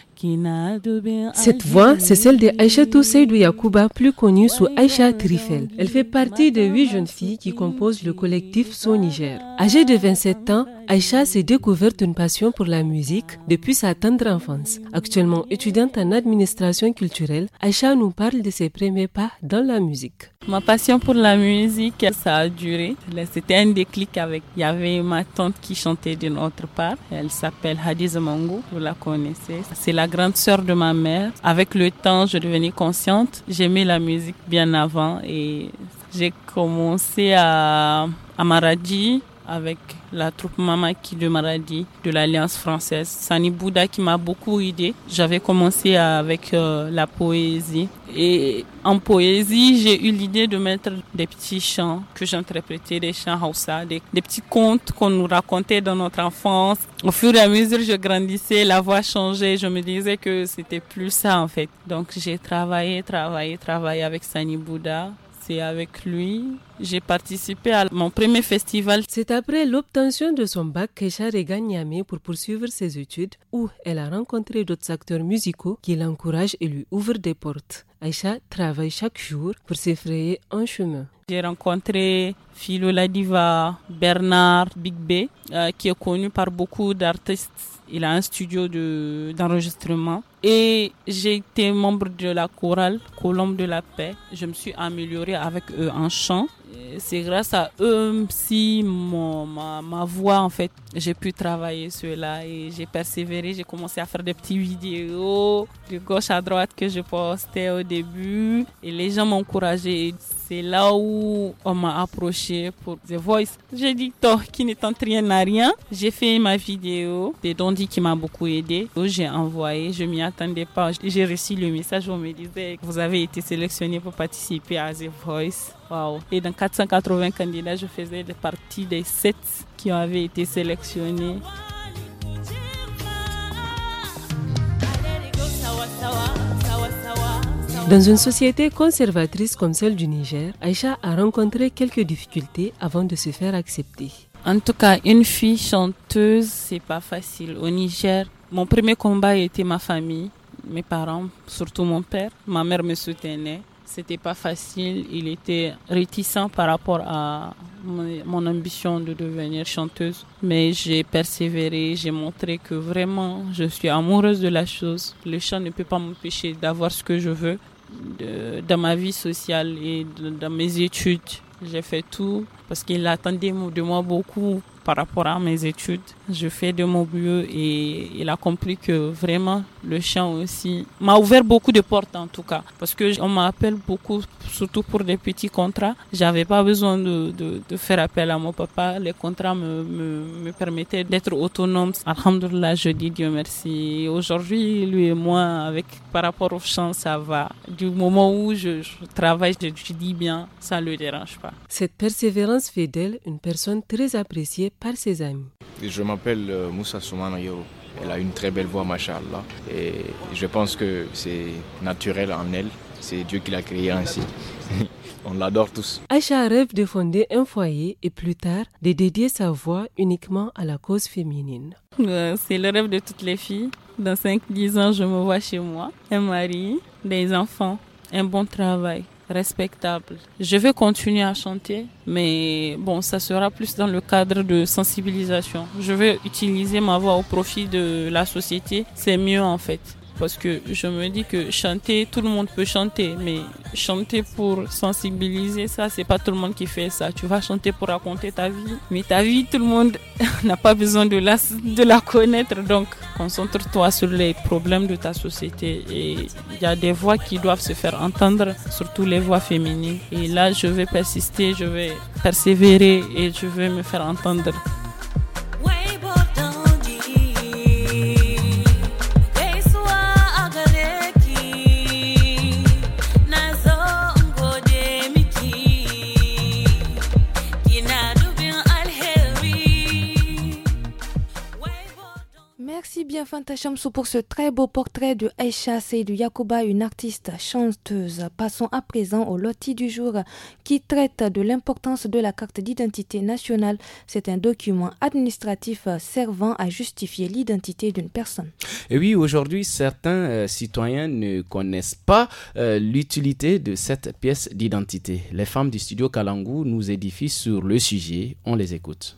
Cette voix, c'est celle de Aïcha Seydou Yakuba, plus connue sous Aïcha Trifel. Elle fait partie des huit jeunes filles qui composent le collectif Son Niger. Âgée de 27 ans, Aïcha s'est découverte une passion pour la musique depuis sa tendre enfance. Actuellement étudiante en administration culturelle, Aïcha nous parle de ses premiers pas dans la musique. Ma passion pour la musique, ça a duré. C'était un déclic avec. Il y avait ma tante qui chantait d'une autre part. Elle s'appelle Hadiza Mangou. vous la connaissez. C'est la grande sœur de ma mère. Avec le temps, je devenais consciente. J'aimais la musique bien avant et j'ai commencé à, à avec la troupe Mama qui de Maradi de l'Alliance française. Sani Bouddha qui m'a beaucoup aidé. J'avais commencé avec euh, la poésie et en poésie, j'ai eu l'idée de mettre des petits chants que j'interprétais, des chants Hausa, des, petits contes qu'on nous racontait dans notre enfance. Au fur et à mesure, je grandissais, la voix changeait, je me disais que c'était plus ça en fait. Donc j'ai travaillé, travaillé, travaillé avec Sani Bouddha avec lui. J'ai participé à mon premier festival. C'est après l'obtention de son bac que regagne Yamé pour poursuivre ses études où elle a rencontré d'autres acteurs musicaux qui l'encouragent et lui ouvrent des portes. Aïcha travaille chaque jour pour s'effrayer un chemin. J'ai rencontré Philo Ladiva, Bernard Big B, euh, qui est connu par beaucoup d'artistes il a un studio d'enregistrement. et j'ai été membre de la chorale Colombe de la Paix. Je me suis améliorée avec eux en chant. C'est grâce à eux si ma, voix, en fait, j'ai pu travailler cela et j'ai persévéré. J'ai commencé à faire des petites vidéos de gauche à droite que je postais au début. Et les gens m'ont c'est là où on m'a approché pour The Voice. J'ai dit toi, qui ne tente rien à rien. J'ai fait ma vidéo de Dondi qui m'a beaucoup aidé. J'ai envoyé, je m'y attendais pas. J'ai reçu le message où on me disait vous avez été sélectionné pour participer à The Voice. Et dans 480 candidats, je faisais partie des 7 qui avaient été sélectionnés. Dans une société conservatrice comme celle du Niger, Aïcha a rencontré quelques difficultés avant de se faire accepter. En tout cas, une fille chanteuse, c'est pas facile. Au Niger, mon premier combat était ma famille, mes parents, surtout mon père. Ma mère me soutenait. C'était pas facile. Il était réticent par rapport à mon ambition de devenir chanteuse. Mais j'ai persévéré, j'ai montré que vraiment je suis amoureuse de la chose. Le chant ne peut pas m'empêcher d'avoir ce que je veux de, dans ma vie sociale et dans mes études. J'ai fait tout parce qu'il attendait de moi beaucoup par rapport à mes études. Je fais de mon mieux et il a compris que vraiment le chant aussi m'a ouvert beaucoup de portes en tout cas. Parce que on m'appelle beaucoup, surtout pour des petits contrats. J'avais pas besoin de, de, faire appel à mon papa. Les contrats me, me, permettaient d'être autonome. Alhamdulillah, je dis Dieu merci. Aujourd'hui, lui et moi, avec, par rapport au chant, ça va. Du moment où je, travaille, je, je dis bien, ça ne le dérange pas. Cette persévérance fait d'elle une personne très appréciée par ses amis. Je m'appelle euh, Moussa Soumana Elle a une très belle voix, Allah. Et je pense que c'est naturel en elle. C'est Dieu qui l'a créée ainsi. [laughs] On l'adore tous. Aïcha rêve de fonder un foyer et plus tard de dédier sa voix uniquement à la cause féminine. Euh, c'est le rêve de toutes les filles. Dans 5-10 ans, je me vois chez moi. Un mari, des enfants, un bon travail respectable. Je vais continuer à chanter, mais bon, ça sera plus dans le cadre de sensibilisation. Je vais utiliser ma voix au profit de la société. C'est mieux en fait parce que je me dis que chanter, tout le monde peut chanter, mais chanter pour sensibiliser, ça, c'est pas tout le monde qui fait ça. Tu vas chanter pour raconter ta vie, mais ta vie, tout le monde [laughs] n'a pas besoin de la, de la connaître. Donc, concentre-toi sur les problèmes de ta société. Et il y a des voix qui doivent se faire entendre, surtout les voix féminines. Et là, je vais persister, je vais persévérer et je vais me faire entendre. Merci bien Fanta Chamsou pour ce très beau portrait de Aisha Seydou Yakuba, une artiste chanteuse. Passons à présent au loti du jour qui traite de l'importance de la carte d'identité nationale. C'est un document administratif servant à justifier l'identité d'une personne. Et oui, aujourd'hui, certains euh, citoyens ne connaissent pas euh, l'utilité de cette pièce d'identité. Les femmes du studio Kalangu nous édifient sur le sujet. On les écoute.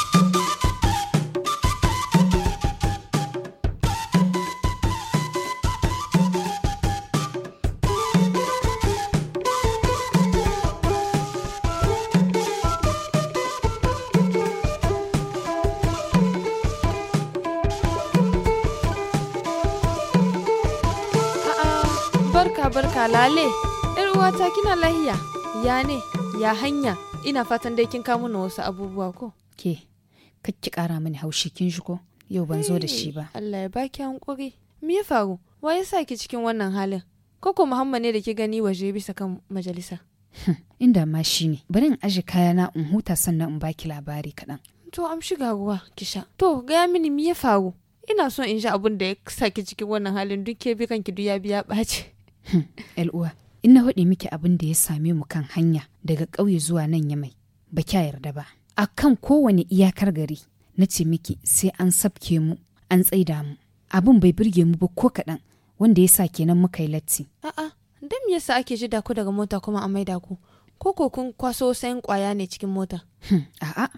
talale ‘yar uwata kina lahiya, ya ne, ya hanya, ina fatan dai kin kamo wasu abubuwa ko? Ke, kakki kara mini haushi kin shi ko? Yau ban zo da shi ba. Allah ya baki hankuri. Me ya faru? Wa ya sa ki cikin wannan halin? Koko Muhammad ne da ki gani waje bisa kan majalisa. Hm, inda ma shi ne, bari in aje kayana in huta sannan in baki labari kaɗan. To am shiga ruwa ki sha. To gaya mini me ya faru? Ina so in ji abin da ya sa ki cikin wannan halin duk ke bi kanki duk ya biya ɓaci. Hmm, in na haɗe miki abin da ya same mu kan hanya daga ƙauye zuwa nan ya mai ba kya yarda ba. A kan kowane iyakar gari, na ce miki sai an sabke mu, an tsaida mu. Abin bai birge mu ba ko kaɗan, wanda ya sa kenan muka yi latti. A'a, dan me yasa ake jida ku daga mota kuma a mai ku? Ko ko kun kwaso sayan kwaya ne cikin mota? Hmm, a'a,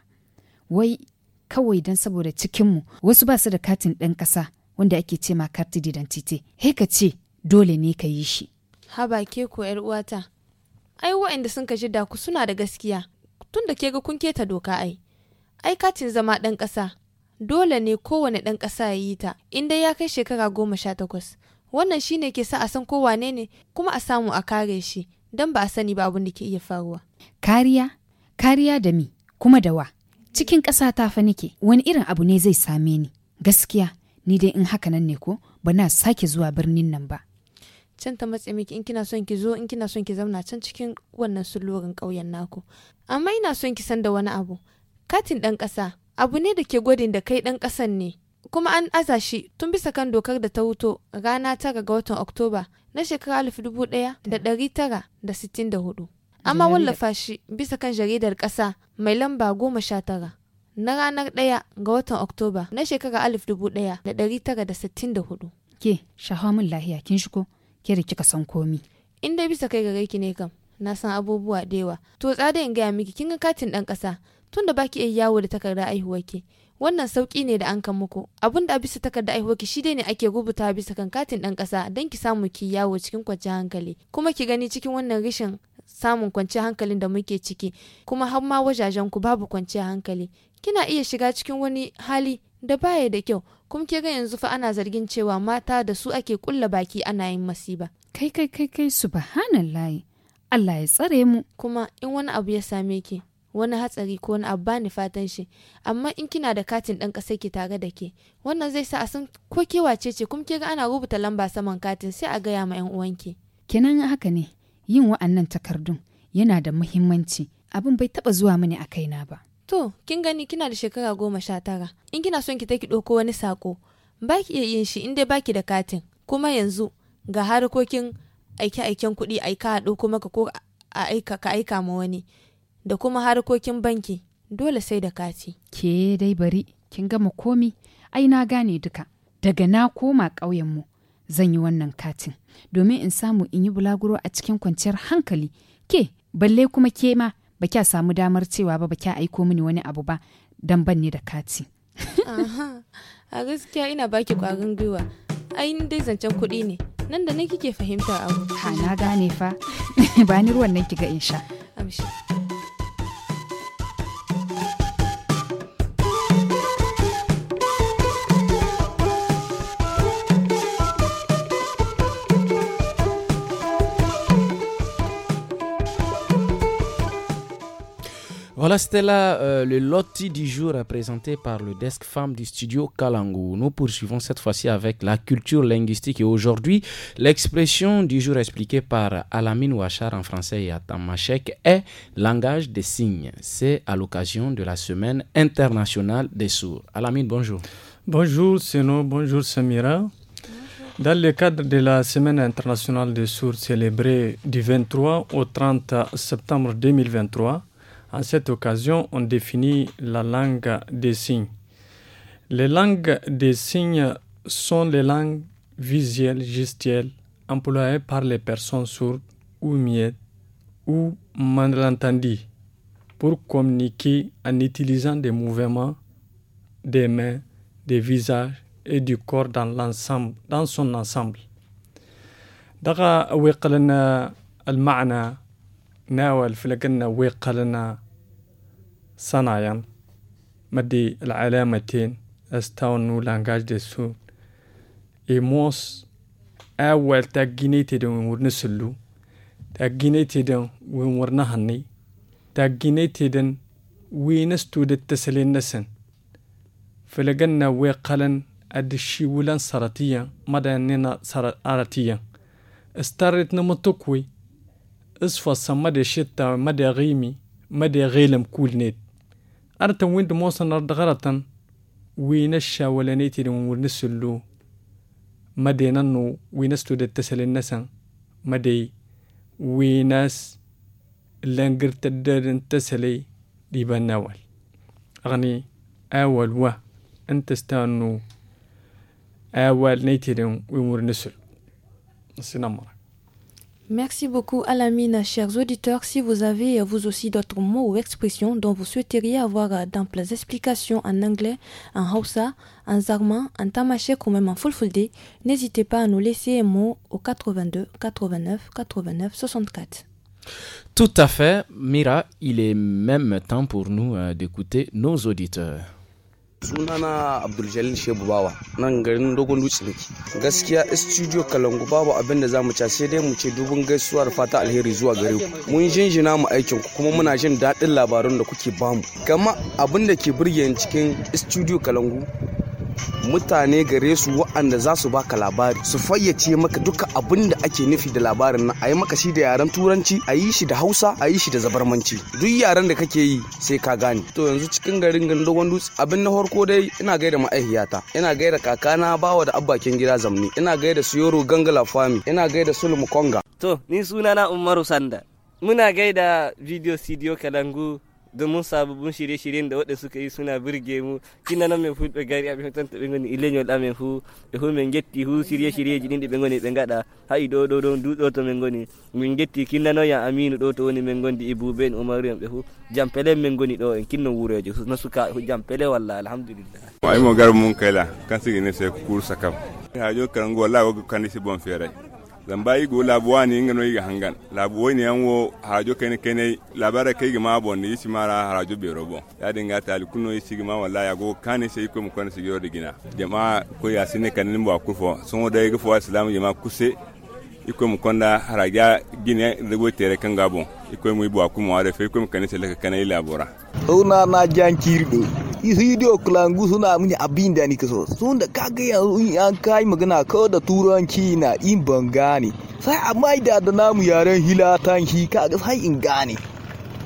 wai kawai dan saboda cikinmu wasu ba su da katin ɗan ƙasa wanda ake ce ma karti didantite. He ka ce, dole ne ka yi shi haba ke ko yar uwata ai wa'anda sun kashi da ku suna da gaskiya tun da ke ga kun keta doka ai ai katin zama ɗan ƙasa dole ne kowane ɗan ƙasa ya yi ta inda ya kai shekara goma sha takwas wannan shine ke sa a san ko wane ne kuma a samu a kare shi don ba a sani ba abin da ke iya faruwa kariya kariya da mi kuma da wa cikin ƙasa ta fa nike wani irin abu ne zai same ni gaskiya ni dai in haka nan ne ko ba na sake zuwa birnin nan ba can ta matse miki in kina son ki zo in kina son ki zauna can cikin wannan sulurin ƙauyen naku amma ina son ki san da wani abu katin ɗan ƙasa abu ne da ke gwadin da kai ɗan ƙasan ne kuma an aza shi tun bisa kan dokar da ta wuto rana tara ga watan oktoba na shekara alif dubu ɗaya da ɗari tara da sittin da hudu amma wallafa shi bisa kan jaridar ƙasa mai lamba goma sha tara na ranar ɗaya ga watan oktoba na shekara alif dubu ɗaya da ɗari tara da sittin da hudu ke shahamun lahiya kin shigo kiri kika san komi in dai bisa kai ga gaiki ne kam na san abubuwa da yawa to tsada in gaya miki kin ga katin dan kasa tun da baki iya yawo da takarda ki wannan sauki ne da an kan muku abun da bisa takarda aihuwarki shi dai ne ake rubuta bisa kan katin dan kasa don ki samu ki yawo cikin kwanciyar hankali kuma ki gani cikin wannan rashin samun kwanciyar hankalin da muke ciki kuma har ma wajajen ku babu kwanciyar hankali kina iya shiga cikin wani hali da baya da kyau kuma ke ga yanzu fa ana zargin cewa mata da su ake kulla baki ana yin masiba kai kai kai kai subhanallahi Allah ya tsare mu kuma in wani abu ya same ki wani hatsari ko wani abu bani fatan shi amma in kina da katin ɗan ƙasar ki tare da ke wannan zai sa a san ko ke wace ce kuma ke ga ana rubuta lamba saman katin sai a gaya ma 'yan uwanki kenan haka ne yin wa'annan takardun yana da muhimmanci abin bai taɓa zuwa mini a kaina ba To, kin gani kina da shekara goma sha tara. In kina son ki ta ki ɗauko wani sako, ba ki iya yin shi in dai baki da katin. Kuma yanzu ga harkokin aike-aiken kuɗi aika a ɗauko maka ko aika ka aika ma wani da kuma harkokin banki dole sai da kati. Ke dai bari kin gama komi ai na gane duka daga na koma ƙauyenmu zan yi wannan katin domin in samu in yi bulaguro a cikin kwanciyar hankali ke balle kuma ke ma ba kya samu damar cewa ba ba kya aiko mini wani abu ba dan ban ne da kati a gaskiya ina baki kwarin gwiwa ai dai zancen kuɗi ne nan da nake kike fahimtar abu ha na gane fa [laughs] ba ni ruwan nan ki ga in sha amshi Voilà, c'était euh, le loti du jour présenté par le desk femme du studio Kalangu. Nous poursuivons cette fois-ci avec la culture linguistique et aujourd'hui, l'expression du jour expliquée par Alamine Ouachar en français et à Tamachek est langage des signes. C'est à l'occasion de la semaine internationale des sourds. Alamine, bonjour. Bonjour Sino, bonjour Samira. Dans le cadre de la Semaine internationale des sourds célébrée du 23 au 30 septembre 2023, en cette occasion, on définit la langue des signes. Les langues des signes sont les langues visuelles, gestuelles, employées par les personnes sourdes ou miettes ou malentendues pour communiquer en utilisant des mouvements des mains, des visages et du corps dans, l'ensemble, dans son ensemble. ناول فلقنا ويقلنا صنايا مدي العلامتين استون ولانجاج دي سون إيموس أول تاجينيتي دون ورنسلو تاجينيتي دون ورنهني تاجينيتي دون وينستو دتسلين نسن فلقنا ويقلن أدشي ولان سرطية مدى أننا سرطية استرت نمتكوي isfossa made shitta made ghimi made ghelem net artan wind mosan ardagharatan wina shawalanitiri wurnisullu made nannu winastu dettasalinnasan made winas langirtadadin tasalay dhiban awal agni awal wa antastaanu awal naitirin wimurnisul sinamara Merci beaucoup Alamine, chers auditeurs. Si vous avez euh, vous aussi d'autres mots ou expressions dont vous souhaiteriez avoir euh, d'amples explications en anglais, en hausa, en zarma, en tamashek ou même en fulfulde, n'hésitez pas à nous laisser un mot au 82 89 89 64. Tout à fait, Mira, il est même temps pour nous euh, d'écouter nos auditeurs. sunana Abduljalil shebu bawa nan garin dogon dutse ne gaskiya studio kalangu babu abin da mu ca sai dai mu ce dubun gaisuwar fata alheri zuwa gare ku mun jinjina mu aikin ku kuma muna jin daɗin labarun da kuke bamu kama abin da ke burge cikin studio kalangu mutane gare su wa'anda za su baka labari su fayyace maka duka abin da ake nufi da labarin nan a yi maka shi da yaren turanci a yi shi da hausa a yi shi da zabarmanci duk yaren da kake yi sai ka gane to yanzu cikin garin gandogon dutse abin na farko dai ina gaida ma'aihiyata ina gaida kakana bawa da abbakin gida zamni ina gaida su yoro gangala fami ina gaida sulum konga to ni sunana umaru sanda muna gaida video studio kalangu domin sababbin shirye-shiryen da waɗanda suka yi suna birge mu kina nan mai fu gari a abin ta bengoni ngoni ile da mai fu da hu mai getti hu shirye-shirye jidin da bengoni ngoni gada ha hayi do don dudo to men ngoni min getti kinna nan ya aminu do to wani men da Ibu Ben umaru yan be fu jampele men ngoni do en wuro wurejo na suka jamfele wala alhamdulillah ay mo gar mun kayla kan sigi ne sai kursa kam ha jo kan go la go kan si bon fere zamba yi go labuwa ni yin no yi hangan labuwa ni an wo harajo kene kene labara kai gima bon ni shi mara harajo bai robo ya dinga ta alikuno yi shi gima ya go kane sai ko mu kan shi yo digina jama'a ko ya sine kanin ba kufo sun da yi gufo islamu jama'a kuse iko mu konda haraja gine da go tere kan gabon iko mu ibu akumo are fe iko mu kanin sai laka kana ilabora jan na jankirdo hidiyo kalangu suna mini abin da ni so sun da kaga yanzu in an kai magana kawai da turanci na in ban gane sai a mai da namu yaren hilatan shi kaga sai in gane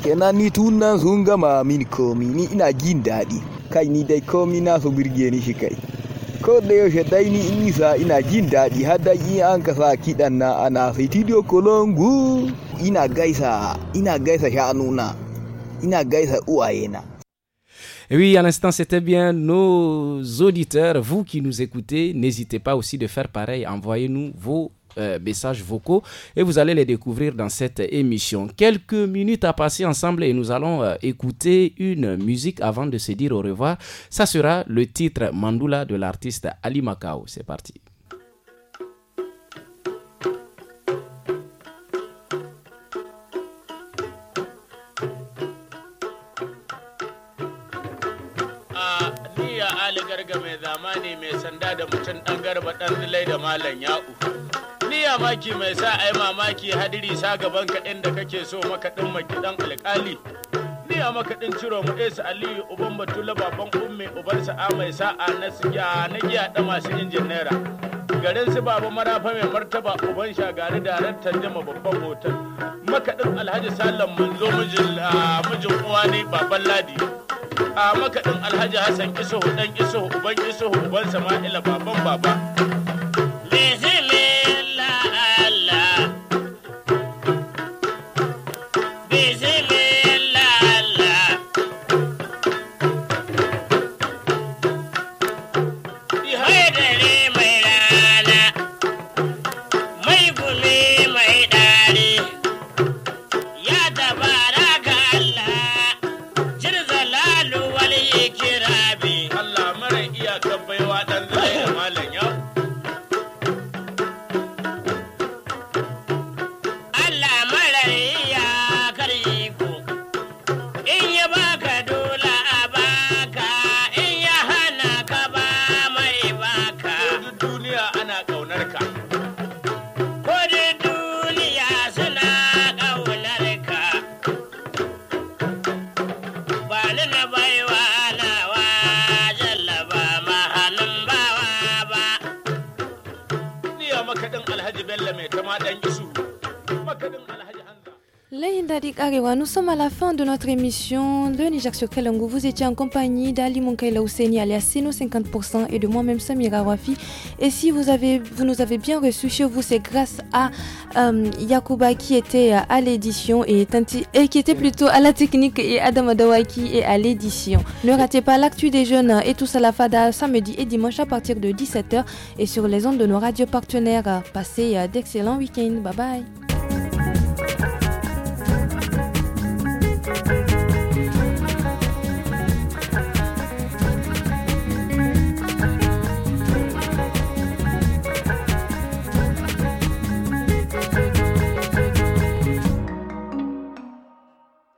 kenan ni tunan sun gama min komi ni ina jin daɗi kai ni dai komi na su birge ni shi kai ko da yaushe dai ni in isa ina jin daɗi har da in an ka sa kiɗan na ana sai tidiyo kulangu ina gaisa ina gaisa shanuna ina gaisa uwayena oui, à l'instant, c'était bien nos auditeurs. Vous qui nous écoutez, n'hésitez pas aussi de faire pareil. Envoyez-nous vos euh, messages vocaux et vous allez les découvrir dans cette émission. Quelques minutes à passer ensemble et nous allons euh, écouter une musique avant de se dire au revoir. Ça sera le titre Mandula de l'artiste Ali Macao. C'est parti. ne mai sanda da mutum ɗan garba ɗan zulai da malam ya'u. Ni maki mai sa ai mamaki hadiri sa gaban ɗin da kake so makaɗin ɗan alƙali. maka makaɗin ciro mu Esu Aliyu uban Batula baban ummi uban sa'a mai sa'a na siya na giya da masu injin naira. Garin su baba marafa mai martaba uban shagari daraktan jama babban hotel. Makaɗin Alhaji Salam manzo ah, mijin uwa ne baban Ladi. A ah, makaɗin Alhaji Hassan Isuhu dan Isuhu uban Isuhu uban Sama'ila baban baba. Nous sommes à la fin de notre émission. de Niger sur Kalango, vous étiez en compagnie d'Ali Monkaila Ouseni alias Seno 50% et de moi-même Samira Wafi. Et si vous, avez, vous nous avez bien reçus chez vous, c'est grâce à euh, Yakuba qui était à l'édition et, et, qui était plutôt à la technique et Adam Adawai qui est à l'édition. Ne ratez pas l'actu des jeunes et tout ça la FADA samedi et dimanche à partir de 17h et sur les ondes de nos radios partenaires. Passez euh, d'excellents week-ends. Bye bye.